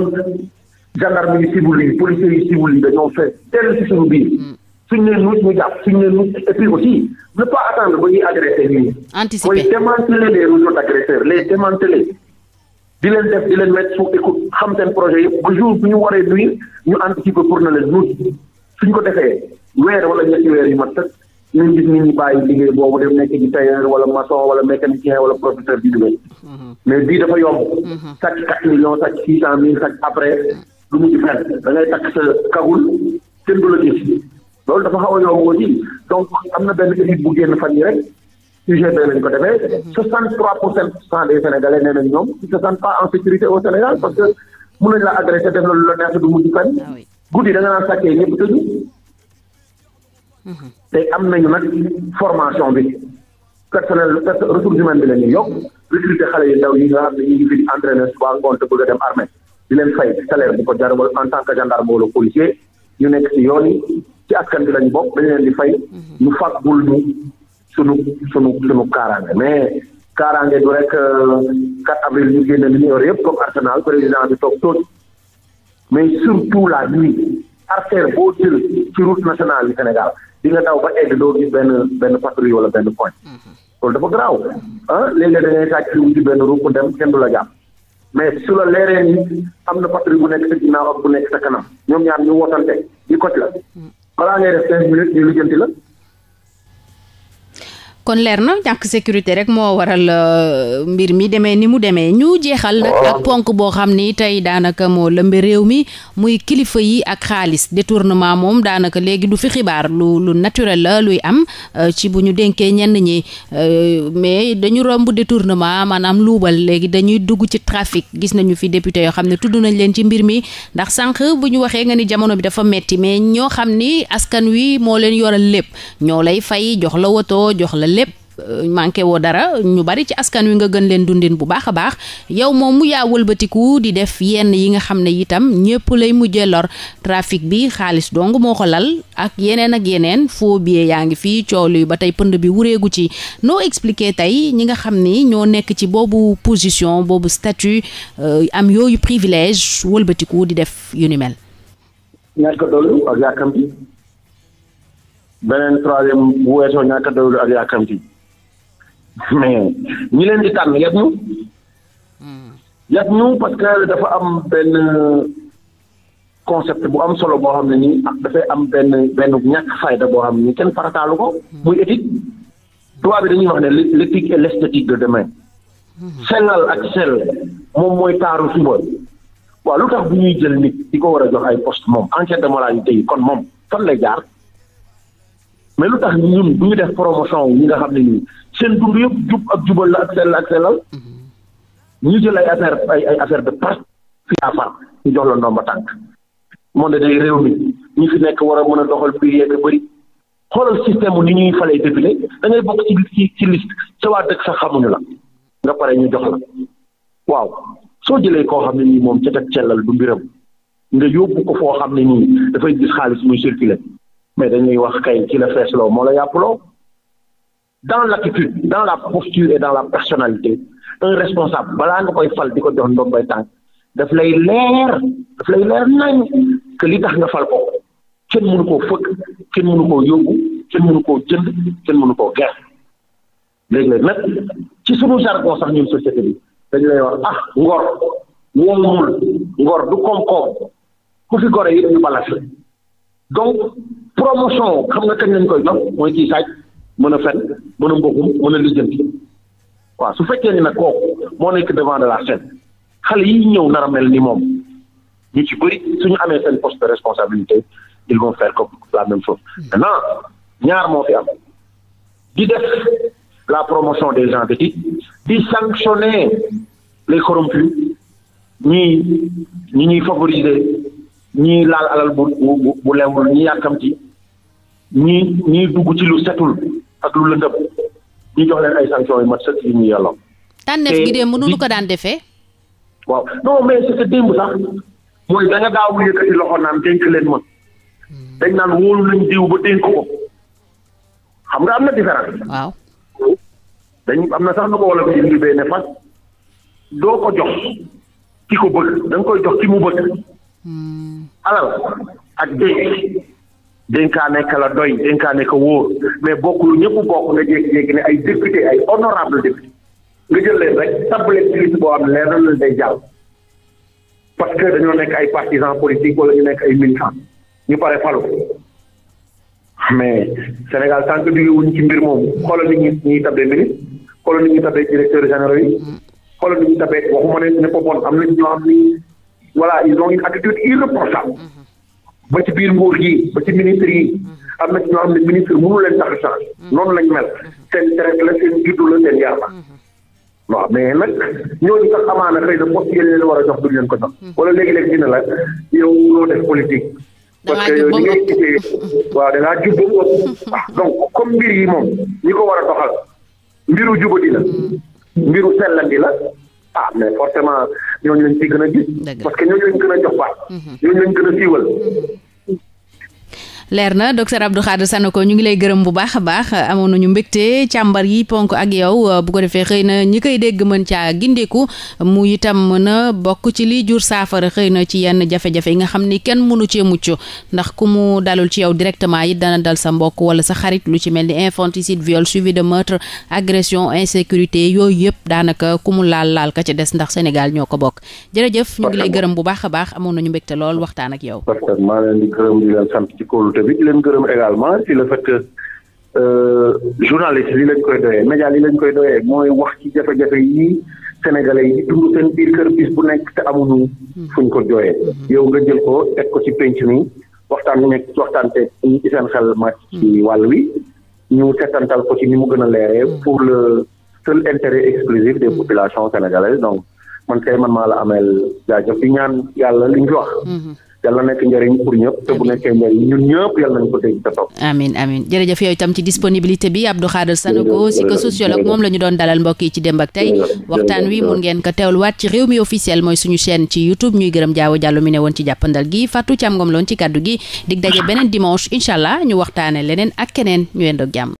gendarme yi cible yi policiers yi cible yi dañoo fees teel ci suñu biir suñ leen nuus ñu jàpp suñ leen nuus et puis aussi ne pas attendre ba ñuy agressé nii. anticiper mooy démanteler réseaux d'agresseurs les démanteler. di leen def di leen mettre sous écoute xam seen projet yëpp ba jour bu ñu waree nuyu ñu anticiper pour na leen nuus suñ ko defee weer wala ñetti weer yu mat sax ñu gis nit ñi bàyyi liggéey boobu dem nekk ci tailleur wala maçon wala mécanicien wala professeur di dugal mhm. mais bii dafa yomb mhm. sàcc quatre millions sàcc six cent mille sàcc après lu mujj fenn da takk sa kagul kenn du la gis loolu dafa xaw a yomb aussi donc am na benn étude bu génn fan yi rek UGB lañ ko defee mhm. soixante trois pour cent des sénégalais nee nañ ñoom ils se pas en sécurité au Sénégal parce que mun nañ la agressé def la lu la neex du mujj tey am nañu nag formation bi personnel ressources humaines bi la ñuy yokk recruter xale yu ndaw yi nga xam ne ñu ngi fi di entraîner suba ngoon te bëgg a dem armée di leen fay salaire bu ko jar wala en tant que gendarme wala policier ñu nekk ci yoon yi ci askan bi lañu bokk dañu leen di fay mhm. ñu fàggul ñu sunu sunu sunu kaaraange mais kaaraange du rek 4 euh, avril ñu génne li ñu yor yëpp comme arsenal président bi toog toog mais surtout la nuit artère boo jël ci route nationale du Sénégal di nga daw ba egg doo gis benn benn patrouille wala benn point loolu dafa garaaw ah léeg-léeg da ngay sàcc wu ci benn ruuk dem kenn du la jàpp mais su la leeree ni am na patrouille bu nekk sa ginnaaw ak bu nekk sa kanam ñoom ñaar ñu wootante di kot la hmm. balaa ngay def 15 minutes ñu lijjanti la. kon leer na ñàkk sécurité rek moo waral euh, mbir mi demee ni mu demee ñu jeexal ponk boo xam ni tey daanaka moo lëmbe réew mi muy kilifa yi ak xaalis détournement moom daanaka léegi du fi xibaar lu lu naturel la luy am euh, ci bu ñu dénkee ñenn ñi euh, mais dañu romb détournement maanaam luubal léegi dañuy dugg ci trafic gis nañu fi député yoo xam ne tudd nañ leen ci mbir mi ndax sànq bu ñu waxee nga ni jamono bi dafa metti mais ñoo xam ni askan wi moo leen yoral lépp ñoo lay fay jox la woto jox la Euh, manqué woo dara ñu bari ci askan wi nga gën leen dundin bu baax a baax yow moom mu yaa wëlbatiku di def yenn yi nga xam ne itam ñëpp lay mujjee lor trafic bi xaalis dong moo ko lal ak yeneen ak yeneen faux billets yaa ngi fii coow li ba tey pënd bi wureegu ci noo expliquer tey ñi nga xam ni ñoo nekk ci boobu position boobu statut euh, am yooyu privilège wëlbatiku di def yu ni mel. mais ñi leen di tànn yat ñu yat ñu parce que dafa am benn concept bu am solo boo xam ne nii ak dafay am benn benn ñàkk fayda boo xam ne kenn farataalu ko muy éthique tubaab bi dañuy wax ne l'éthique et l'esthétique de demain sellal ak sell moom mooy taaru suba waaw lu tax bu ñuy jël nit di ko war a jox ay poste moom enquête de moralité yi kon moom fan lay jaar mais lu tax ñun bu ñu def promotion ñi nga xam ne nii seen dund yëpp jub ak jubal la ak sell ak sellal ñu jël ay affaire ay ay affaire de part fii à jox la ndomba tànk moom de day réew mi ñi fi nekk war a mën a doxal prix yeeg bëri xoolal système ni ñuy falee défilé da ngay bokk ci ci sa waa dëkk sax xamuñu la nga pare ñu jox la waaw soo jëlee koo xam ne nii moom ca teg cellal du mbiram nga yóbbu ko foo xam ne nii dafay gis xaalis muy circuler mais dañuy wax kay ki la feesloo moo la yàpp dans l'attitude dans la posture et dans la personnalité un responsable balaa nga koy fal di ko jox ndombay tànk daf lay leer daf lay li tax nga fal ko kenn mënu koo fëkk kenn mënu koo yóbbu mënu koo jënd kenn mënu koo ger léeg bi dañu lay wax ah ngor woomul ngor du koom-koom ku fi gore yëpp ñu bala fi donc promotion xam nga kañ lañ koy jox mooy kii saaj mën a fen mën a mbokum mën a lijjanti waaw su fekkee ni nag kooku moo nekk devant de la scène xale yi ñëw nar a mel ni moom ñu ci bëri suñu amee seen poste de responsabilité ils vont faire comme la même chose maintenant ñaar moo fi am di def la promotion des gens di sanctionner les corrompus ñi ñi ñuy favoriser ñii laal alal bu bu bu lewul ñii yàkkamti ñii ñii dugg ci lu setul ak lu lëndëm ñu jox leen ay sanctions yu ma sëkk yi ñu yelloo. tànneef gi de mënuñu ko daan defee. waaw non mais c'est que démb sax mooy da nga daaw yëkkati loxo naan dénk leen ma dañ naan wóolu lañ diw ba dénk ko xam nga am na différence. waaw. dañ am na sax nu ko wala ko indi bee ne fas doo ko jox ki ko bëgg da koy jox ki mu bëgg. alal ak dénk dénkaane ka la doy dénkaane ka wóor mais bokk lu ñëpp bokk nga jékki-jékki ne ay député ay honorable député nga jël leen rek tabb leen boo xam ne leer na leen day jàll parce que dañoo nekk ay partisans politiques wala ñu nekk ay militants ñu pare falu mais Sénégal tant que duggewuñ ci mbir moomu xoolal nit ñi ñuy tabee ministre xoolal nit ñuy tabee directeur généraux yi xoolal nit ñuy tabee mm. waxuma ne ne ko bon am na ñoo xam ni voilà ils ont une attitude irréprochable mhm. ba ci biir nguur yi ba ci ministre yi mhm. am na ci ñoo xam ne ministre mënu leen tax a change mhm. noonu lañ mel seen traite la seen juddu la seen yar la waaw mais nag ñooñu sax amaana xëy na poste yi leen war a jox du leen ko jox wala léegi-léegi dina la yow loo def politique parce que yow ni ngay gisee waaw da ngaa jubba ah, donc comme mbir yi moom ñi ko war a doxal mbiru jubadi la mbiru sellandi la ah mais forcément ñooñu lañ gën a gis. parce que ñooñu gën a jox baat. Mm-hmm. ñooñu gën a siiwal. Mm-hmm. leer na docteur Abdou Khadre Sanoko ñu ngi lay gërëm bu baax a baax amoon na ñu mbégte càmbar yi ponk ak yow bu ko defee xëy na ñi koy dégg mën caa gindeeku mu itam mën a bokk ci liy jur saafara xëy na ci yenn jafe nga xam ni kenn mënu cee mucc ndax ku mu dalul ci yow directement it dana dal sa mbokk wala sa xarit lu ci mel ni infanticide viol suivi de meurtre insécurité yooyu yëpp daanaka ku mu laal laal ka ci des ndax Sénégal ñoo ko bokk jërëjëf gërëm bu baax a baax amoon na ñu mbégte lool waxtaan ak yow bi di leen gërëm également ci le fait que euh, journaliste li lañ koy doyee média li lañ koy doyee mooy wax ci jafe-jafe yi sénégalais yi di dund seen biir kër bis bu nekk te amuñu fuñ ko jooyee yow nga jël ko teg ko ci penc mi waxtaan nekk waxtaan te ci seen xel màcc ci wàll wi ñu setantal ko ci ni mu gën a leeree pour le seul intérêt exclusif de populations sénégalaises donc man kay man maa la ameel jaajëf di ñaan yàlla liñ ñu wax yàlla nekk njëriñ pour ñëpp te bu amin amin jërëjëf yow itam ci disponibilité bi Abdou Khadre Sanogo psychosociologue moom la ñu doon dalal mbokk yi ci démb ak tey waxtaan wi mun ngeen ko teewluwaat ci réew mi officiel mooy suñu chaîne ci youtube ñuy gërëm jaawo jàll mi ne woon ci jàppandal gi Fatou Thiam Ngom loon ci kàddu gi dig daje beneen dimanche incha allah ñu waxtaane leneen ak keneen ñu yendoog jàmm